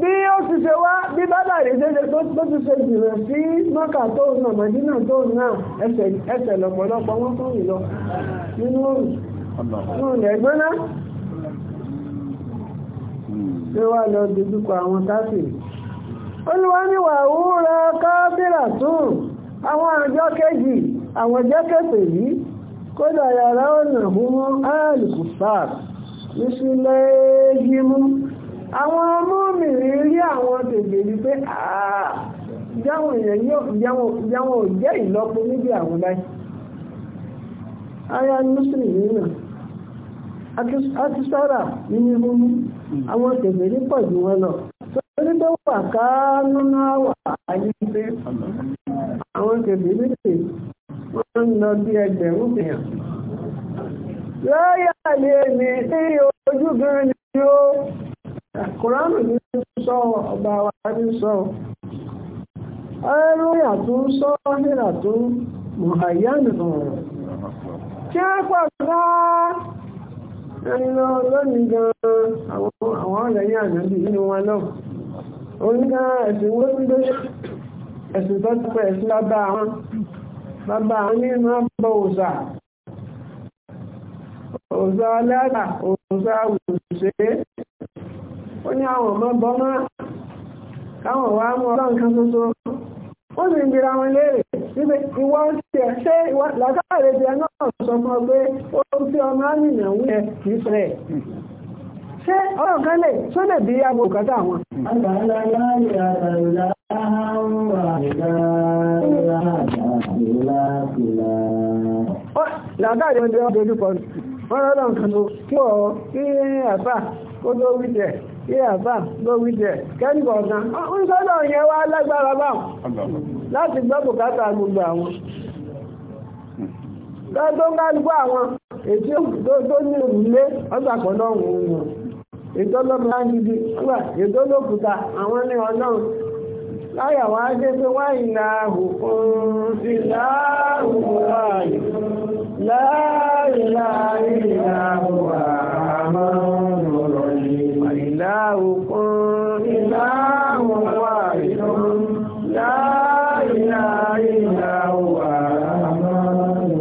bí ó ti ṣe wá bí bádàrí ṣeṣe tó ti ṣe jùlọ sí mọ́kà tó náà mọ̀dínà tó náà ẹsẹ̀ lọ́pọ̀lọpọ̀ wọ́n tó rìn lọ nínú òrùn ní ẹgbẹ́ná tí wá lọ dojúkọ àwọn káfíìn olúwa ní wàhúrà káfíìrà tún àwọn àjọ kejì àwọn jẹ́kẹ̀pẹ̀ yìí kódà yàrá ọ̀nà hùmọ́ áàlùkù sáà mùsùlùmí àwọn mọ́mìnrin rí àwọn tèbè ní pé jáwọn èèyàn yóò jẹ́ ìlọ́po níbi àwọn báyìí ara mùsùlùmí náà àti sára nínú mímú àwọn tèbè ní pọ̀ jù wọn lọ torí tó wà ká nínú àwà ayé pé àwọn tèbè ní pé wọ́n ń lọ bí ẹgbẹ̀rún lọ́yà lè mi sí ojú gan ni ó kùránù ní sọ ọba wa ní sọ ẹlóyà tó ń sọ nílà tó mọ̀háyánì ọ̀rọ̀ tí a pọ̀ sọ ẹnà lónìí gan àwọn ọ̀lẹ́yìn àjọ́bí nínú wọn náà onígbà ẹ̀sìn wọ́n ń gbé ẹ̀sìn tó ti pẹ̀ sí lábá àwọn lábá àwọn nínú ọgbọ̀ ọzọ ọlẹ́rà ọzọ àwùsẹ́ onye àwọn ọmọ bọ́mọ́ káwọn wá mú ọlọ́run kan tuntun ó sì ń wọn léèrè níbi ìwọ ṣé náà sọ pé ó ń fi ọmọ àmìnà wí ẹ kì í fẹ́ ṣé ọ̀rọ̀ kan lè tó lè bí abo wọn. wọ́n rọ́lọ́ nǹkan tó pọ̀ kí àbá kó ló wí jẹ kí àbá ló wí jẹ kẹ́ńgọ̀ ọ̀gán ń sọ́nà yẹn wá lágbára báwọn láti gbọ́ bùkátà gbogbo àwọn tó ń gbálùgbọ́ àwọn èdè tó ní òrùlé ọgbà kan lọ́rùn òun èdè ọlọ́mọ láńgidi èdè olókùúta àwọn ní ọlọ́run láyà wá jẹ́ pé wá ìlà òkun sí láàrùn ààyè láàrìlà ìlà òwà àmọ́ ọ̀rọ̀ ìlà ìlà òkun ìlà òwà ìlú láàrìlà ìlà òwà àmọ́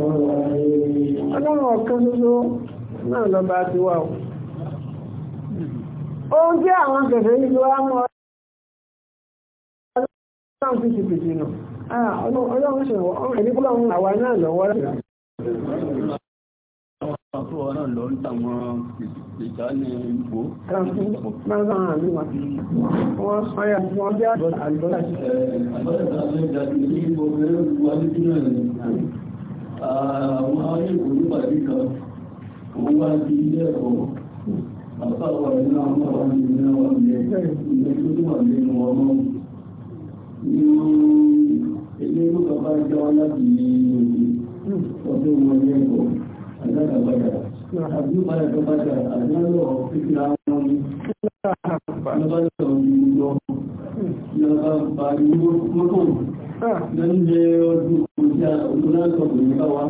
ọ̀rọ̀ ìlú. ọlọ́run ọ̀kan ṣoṣo náà ohun tí àwọn kẹfẹ́ yìí ló láwọn tí ti pèsè nù ọlọ́run ṣe ọ̀rọ̀ ẹni kúlọ̀ ń àwa náà lọ́wọ́ rẹ̀ Àwọn ayé olúpàdé kan, wọ́n wá di ilé ẹ̀kọ́, bàbá wà ní àwọn àwọn ìrìnà wà ní ẹgbẹ́ ìgbẹ́ tó wà nínú ọmọ ilé orúkọ bá jọ láti ní ọdún wọn ní ẹ̀kọ́ alágbàgbàdà àbí padà tó padà àdánlọ fífìlà wọn ni lọ́bàá lọ lọ lọ́bàá bá ní mọ́tò lẹ́njẹ́ ọdún òjá olùlátọ̀kù ní káwá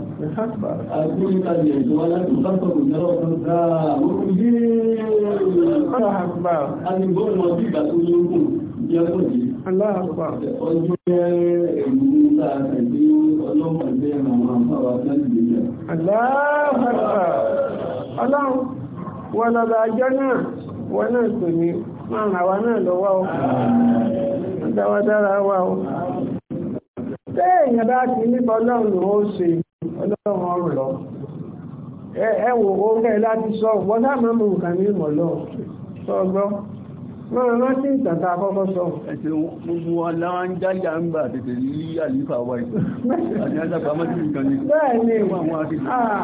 àgbóríkalẹ̀ ìjọba láti látọ̀kù ní ọdún dáa orúkú yéé àgbóríkalẹ̀ ìjọba tó lókùn jẹ́ kò jẹ́ aláàrùbá. Ọjọ́ ìrúnta àti ọlọ́mọdé àwọn àbáwá Nàìjíríà. Aláàrùbá. Ọlọ́run, wọ́n lọ́lọ́ ajọ́ náà, wọ́n náà tò ní máa ràwá náà lọ́wọ́ o. Dáwadára wá o. Téèyàn bá ti nípa ọlọ́run ó ṣe ọlọ́run ọrùn lọ. Ẹ wo oúnjẹ láti sọ, wọ́n dá mọ́mù nǹkan ní ìmọ̀ lọ. Sọ ọgbọ́n wọ́n rántí ìtàtà àkọ́kọ́ sọ. ẹ̀sẹ̀ gbogbo aláwọ̀ ń jáyà ń bà tètè ní àlífà wa ìpẹ́ àti àjàpá mọ́tí nìkan ní. bẹ́ẹ̀ ni ah,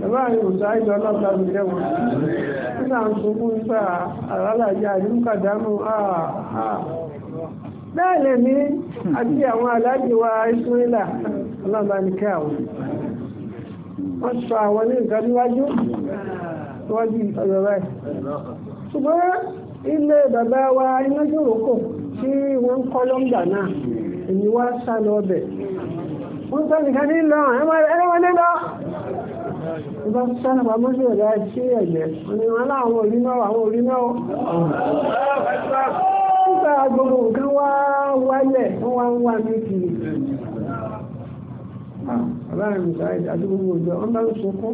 bàbá mi ò sáré lọ lọ́ta mi lẹ́wọ̀n nígbà ń sunkún nípa àrálàjà àdínkàdánù ah, ah. bẹ́ẹ̀ lè ní àti àwọn aláàjì wa ìsúnilà ọlọ́ba ní kẹ́ àwọn wọ́n sọ àwọn ní nǹkan níwájú níwájú ìtọ́jọ́ báyìí ṣùgbọ́n ilé bàbá wa iná tí wọ́n na kọ́ lọ́mbà náà èyí wá sá lọ ọbẹ̀ wọ́n sọ nìkan ní lọ ẹlẹ́wọ̀lé lọ ìbá sọ́nà pàmọ́ sí ọ̀dá sí ẹ̀jẹ̀ òníwọ̀n láwọn orí náà àwọn orí náà nígbà gbogbo nǹkan wá wálẹ̀ wọ́n wá ń wá ní kiri ah, bàbá mi sọ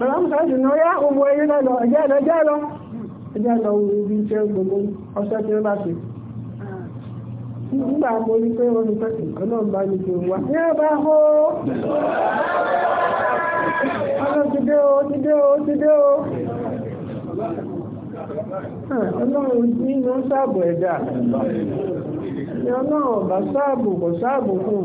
bàbá mú sọ́jù náà yá owó ẹyẹ náà lọ ẹjẹ́ lọ ẹjẹ́ lọ ẹjẹ́ lọ wo ibi iṣẹ́ gbogbo ọṣẹ tí ó bá ṣe nígbà mo rí pé wọn ní pé ọlọ́run bá ní kí n wá ní ọba hó ọlọ́run ti dé o ti dé o ti dé o ọlọ́run ní ló ń ẹ̀dá ọlọ́run ọba sáàbò kò sáàbò fún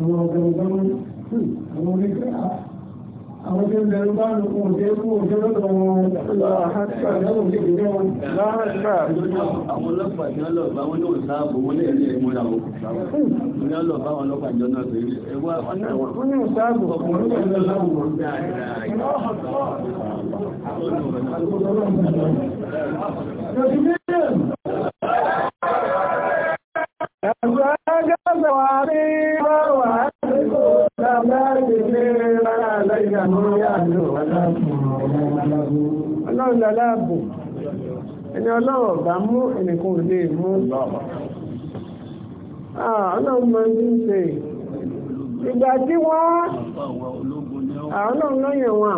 àwọn ọ̀gbẹ̀rún àwọn onígbẹ̀ àwọn tí ó bá ní kún òjé kún òjé lọ́dọ̀ wọn àwọn ọlọ́run lọ́láàbò ẹni ọlọ́run ọ̀bá mú ẹnìkan lè mú ọlọ́run máa ń dín ṣe ìgbà tí wọ́n àwọn náà lọ́yẹ̀ wọn.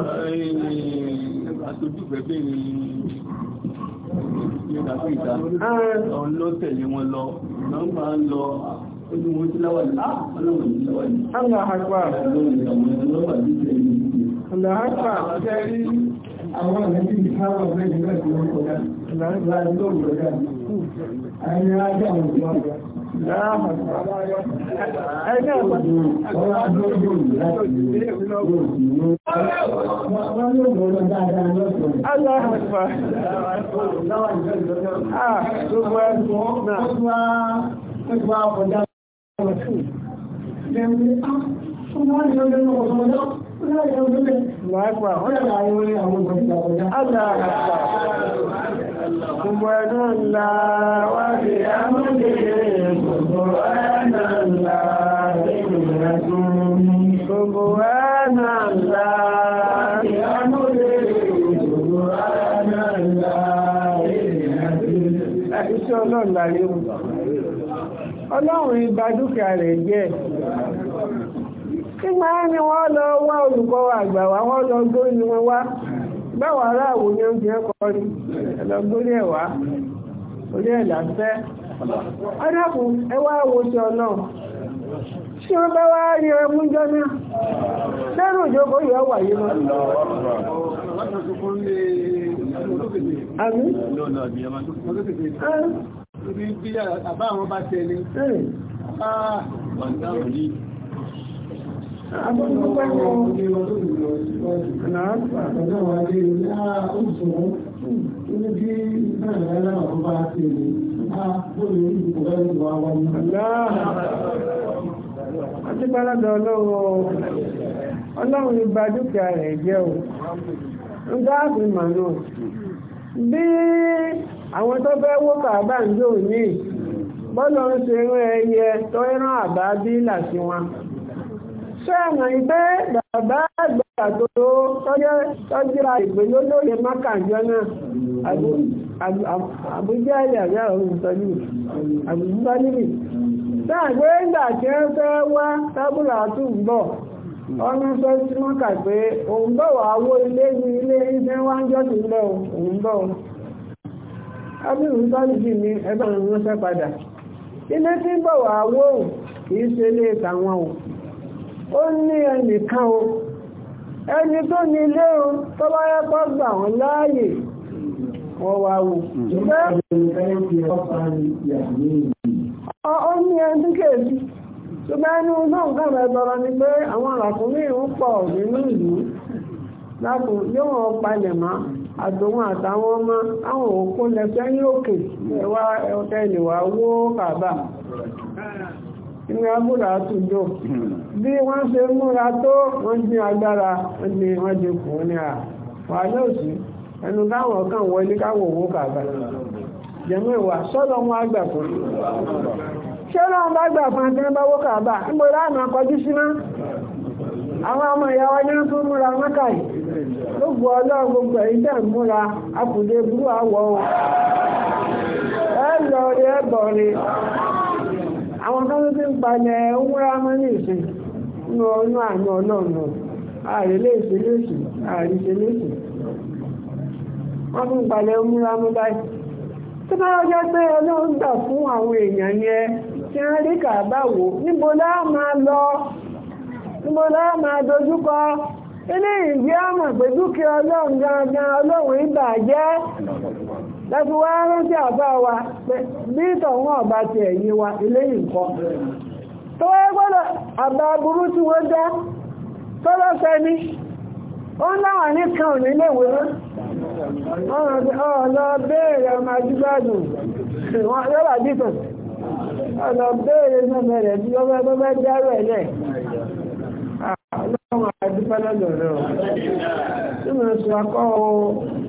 aṣojú bẹ́ẹ̀ bẹ́ẹ̀ ni ìdàgbé ìdá ọ̀n ló tẹ̀lé wọn lọ wọ́n máa ń lọ ojú wọn sí láwàlì ọlọ́run sí láwàlì. Allah akbar. Allah akbar àwọn àmẹ́sí ìfáwọ̀ mẹ́jọ mẹ́jọ mọ́kànlá láàrín lóòrùn rẹ̀ dáa àyíká ajá àwọn ìjọ ọ̀gá ah, Gbogbo ọkọ̀dá ọ̀rọ̀ fún. Gbẹ̀mí, ah, fún wọ́n ni ó lẹ́nu ọ̀sán náà. Gbogbo ńlá wá sí àmúlẹ̀ gbogbo ẹ̀nà ọlọ́run rẹ̀ jẹ́. nígbà ní wọ́n lọ wá olùkọ́ àgbà wá wọ́n lọ gbóni wọn wá báwa aráàwò ní oúnjẹ kọ́ ni onye gbóni ẹ̀ orí ẹ̀ fẹ́ ọ̀dàkùn ẹ wá ọ̀nà tí wọ́n bá wá rí lẹ́rù ìjọba Àti páládà ọlọ́wọ́ ọlọ́run ní gba dúkìá rẹ̀ jẹ́ o. Ń dáàbì mà náà. Bí àwọn tó fẹ́ wó kàbá ń jò ní, bọ́lọ́ ń ṣe rán ẹyẹ tó rán àbá bí làṣí sẹ́ẹ̀mọ̀ ìgbé bàbá àgbà tó tọ́júra ìgbé lólóye mákàjọ́ náà àbújá ilẹ̀ àgbà ọ̀run tọ́jú àbújá níbi sáàgbé ìgbà tí ó fẹ́ wá tábùlà tún bọ̀ ọmọ sí mọ́kà pé òun bọ̀ wá ilé ní ilé iṣẹ́ wá ń jọ́sí òun bọ̀ tọ́jú ó ní ẹnìkan o ẹni tó ní ilé o tó bá yẹ kó gbà wọ́n láàyè wọ́n wá wò. ó ní ẹni kéèdì ṣùgbọ́n ní náà nǹkan rẹ̀ ni pé àwọn àràkùnrin pọ̀ nínú ìlú lákùn yóò palẹ̀ àtàwọn ọmọ àwọn òkú ẹwà wó ní abúlé àtúndò bí wọ́n ṣe múra tó wọ́n dín agbára ní wọ́n dín kù ní à wà lóòsì ẹnu káwọn kan wọlé káwọn owó kàgbà jẹmú ìwà sọ́lọ́ àgbà fún fún kàgbà láàmú akọjú àwọn ọmọ ìyá wa ní múra mọ́kà yìí gbogbo ọlọ́run gbogbo ẹ̀yìn múra akùdé burú àwọ̀ ẹ̀ lọ rí àwọn kan tí ń palẹ̀ òmúra mọ́ ní ìsìn nínú ọ̀nà àmì ọlọ́ọ̀nà ààrẹ léèṣe léèṣe ààrẹ ṣe léèṣe wọ́n tún palẹ̀ òmúra mọ́ báyìí tó bá ọjọ́ pé ọlọ́run gbà fún àwọn èèyàn yẹn tí wọ́n rí kàbáwò níbo láà máa lọ níbo láà máa dojúkọ eléyìí jẹ́ àmọ̀ pé dúkìá ọlọ́run gangan ọlọ́run ìbàjẹ́ lẹ́fi wá rántí àbá wa pé bí tọ̀wọ́n ọba ti ẹ̀yìn wa eléyìí nǹkan tó wáyé gbọ́dọ̀ àbá burú tí wọ́n dá sẹ́ni ó láwọn nìkan ò nílé ìwé ọ̀lọ́ béèrè ọmọ ajígbádùn yọ́bà dìtọ̀ béèrè tí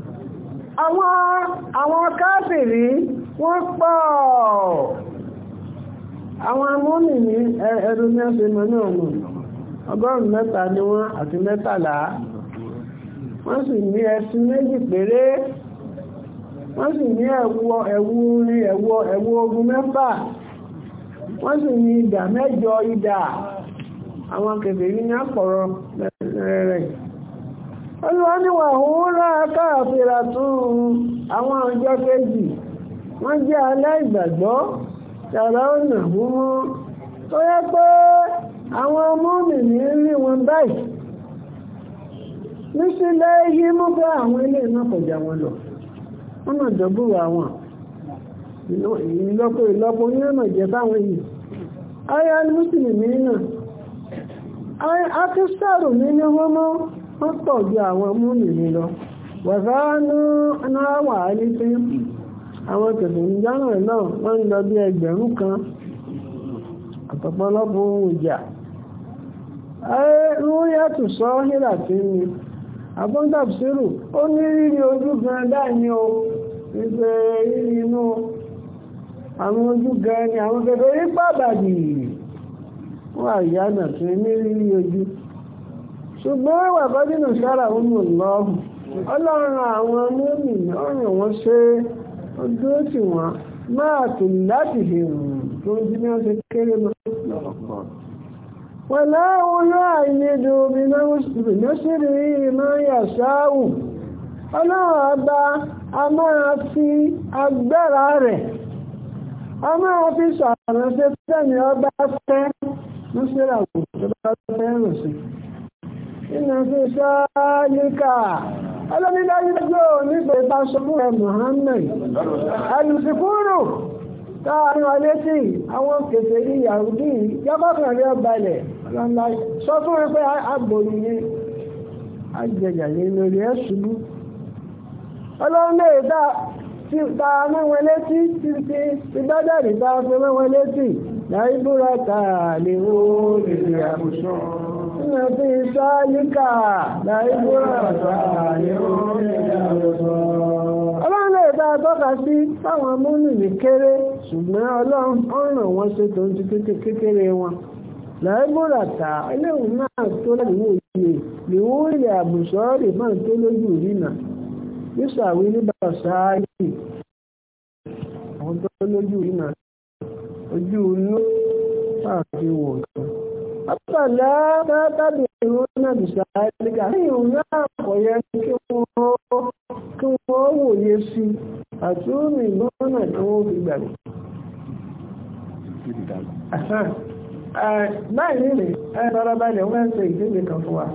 àwọn àwọn káàbìrì wọ́n pọ̀ àwọn amóhùnmí ní ẹ̀rù ní ọ̀sẹ̀mọ̀ náà mọ̀ ọgọ́rùn-ún mẹ́ta ni wọ́n àti mẹ́tàlá wọ́n sì ní ẹṣin méjì péré wọ́n sì ní ẹ̀wọ́ ẹ̀wú ní ẹ̀wọ́ ẹ̀wọ́ ogun mẹ́fà wọ́n sì ní idà mẹ́jọ idà àwọn kèfèrí ní àpọ̀rọ̀ rẹ̀ olúwa ní wàhúrà káàfìrà tún àwọn ọjọ́ kejì wọ́n jẹ́ aláìgbàgbọ́ tààrà ọ̀nà múmú tó yẹ pé àwọn mùmínì rí wọn báyìí níṣìlẹ̀ yí mú pé àwọn ilé iná kọjá wọn lọ wọ́n náà dọ́bùrù àwọn ìlọ́pọ̀ ìlọ́pọ̀ onírànà jẹ́ báwọn yìí ayé alùmùsùlùmí náà akíṣàrò nínú wọn mọ́ wọ́n pọ̀ ju àwọn múnìní lọ wàzánú náà wà ní pé àwọn tẹ̀sùn ìjánà náà wọ́n lọ bí ẹgbẹ̀rún kan àtọ̀pọ̀lọpọ̀ ìjà rúyàtù sọ hílà tí ni àbúndàbsírù ó ní rírí ojú gan ni àwọn rí pàbàdì tí ní rírí ṣùgbọ́n bàbá nínú sára ọmọ lọ́ọ̀hùn ọlọ́run àwọn mẹ́rin ọ̀rìn wọn ṣe ọdún tí wọ́n máa tò láti hìrù tó jí kéré lọ́pọ̀ wọ́n láwọn yóò àìyedò bí lọ́sírí máa yà sáàwù ọlọ́run ọba a máa fi agbára rẹ̀ a máa fi sàrànṣẹ́ ọba fẹ́ àwọn iná fi ṣáálíkà ọlọ́nídájúdó nígbà ìbá ṣubú ẹ̀ Muhammad alùsìkúrù táàrin ọlẹ́sì àwọn kèfè ní yahudi yábàkàn rẹ̀ balẹ̀ sọ fún ẹ pé agbòrò ni ajẹjàlẹ̀ lórí ẹ̀ ṣubú ọlọ́run lè dá ti ta mẹ́wọn létí ti ti gbádàrí ta fi mẹ́wọn létí láìbúrọ̀tà lè ó lè àbùsọ̀. Nínú bí sọ́ọ́líkà láìbúrọ̀tà lè ó Ọlọ́run lè tọ́ka sí táwọn ní kéré ṣùgbọ́n ọlọ́run ṣe tó ń ti kékeré wọn. náà tó lè ó àbùsọ̀ rè máa tó lójú ìrìnà. Yíṣàwí ní bàbá sáà yìí. Àwọn tó lójú ojú inú àti wò nǹkan. Àpàdá tábí náà ti ṣàlẹ́gà ní ìlú náà kò kí wọ́n wòye sí àti omi ìgbọ́nà tí wọ́n fi gbàgbé. Báyìí rèé, ẹ lọ́rọ̀ wọ́n ń ṣe ìdíje kan fún wa.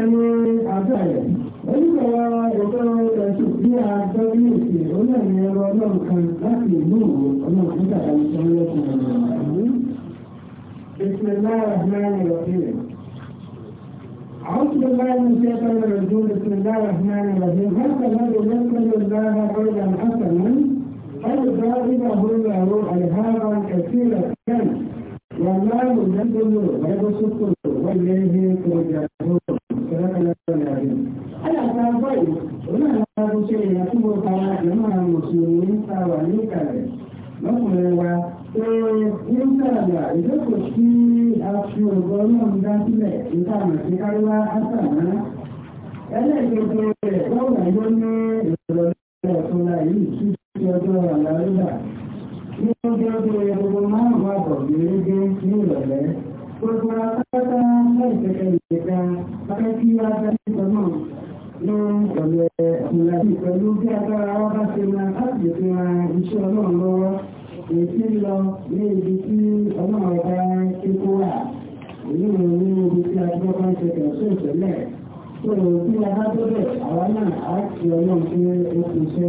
ẹni àbẹ̀rẹ̀ onígbàwà ẹ̀kọ́ ẹ̀sùn bí a gbọ́ ní òkè olóòrùn ẹ̀rọ ọlọ́run kan láti ìlú òwò ọlọ́run nígbà àìsàn lẹ́kùn ọ̀rọ̀ بسم الله الرحمن الرحيم أعوذ بالله من الشيطان الرجيم بسم الله الرحمن الرحيم هل تبدو يذكر الله قولا حسنا أو ضاربه له ألهابا كثيرة والله يدل ويبسط وإليه ترجعون wa nígbàgbà ìjókòó sí aṣọ ògbọ́ náà ń dá sílẹ̀ ìtàmà sí káríwá àtàmà ẹlẹ́gbẹ̀gbẹ̀ rẹ̀ wọ́n wà ló ní ìrọ̀lẹ́ ọ̀tọ́lá yìí sí ti ọjọ́ àlárúbà ní ọjọ́ gbogbo márùn-ún àbọ̀ gbèrègbè ní ìrọ̀lẹ́ gbogbo apáta láìpẹ́kẹ́ ìjẹta pátákí adájọ́ náà ní ọ̀lẹ́ ọ̀tọ́lá yìí pẹ̀lú bí agbára wọn bá ṣe máa láti fi ran iṣẹ́ ọlọ́run lọ́wọ́ èyí lọ ní ibi tí ọlọ́run ti kó wà èyí ni ní ibi tí agbọ́ bá ń ṣe kẹ̀sọ́ ìṣẹ̀lẹ̀ tó lè tí a bá tó bẹ̀ àwa náà á ti ọlọ́run ó ti ṣe.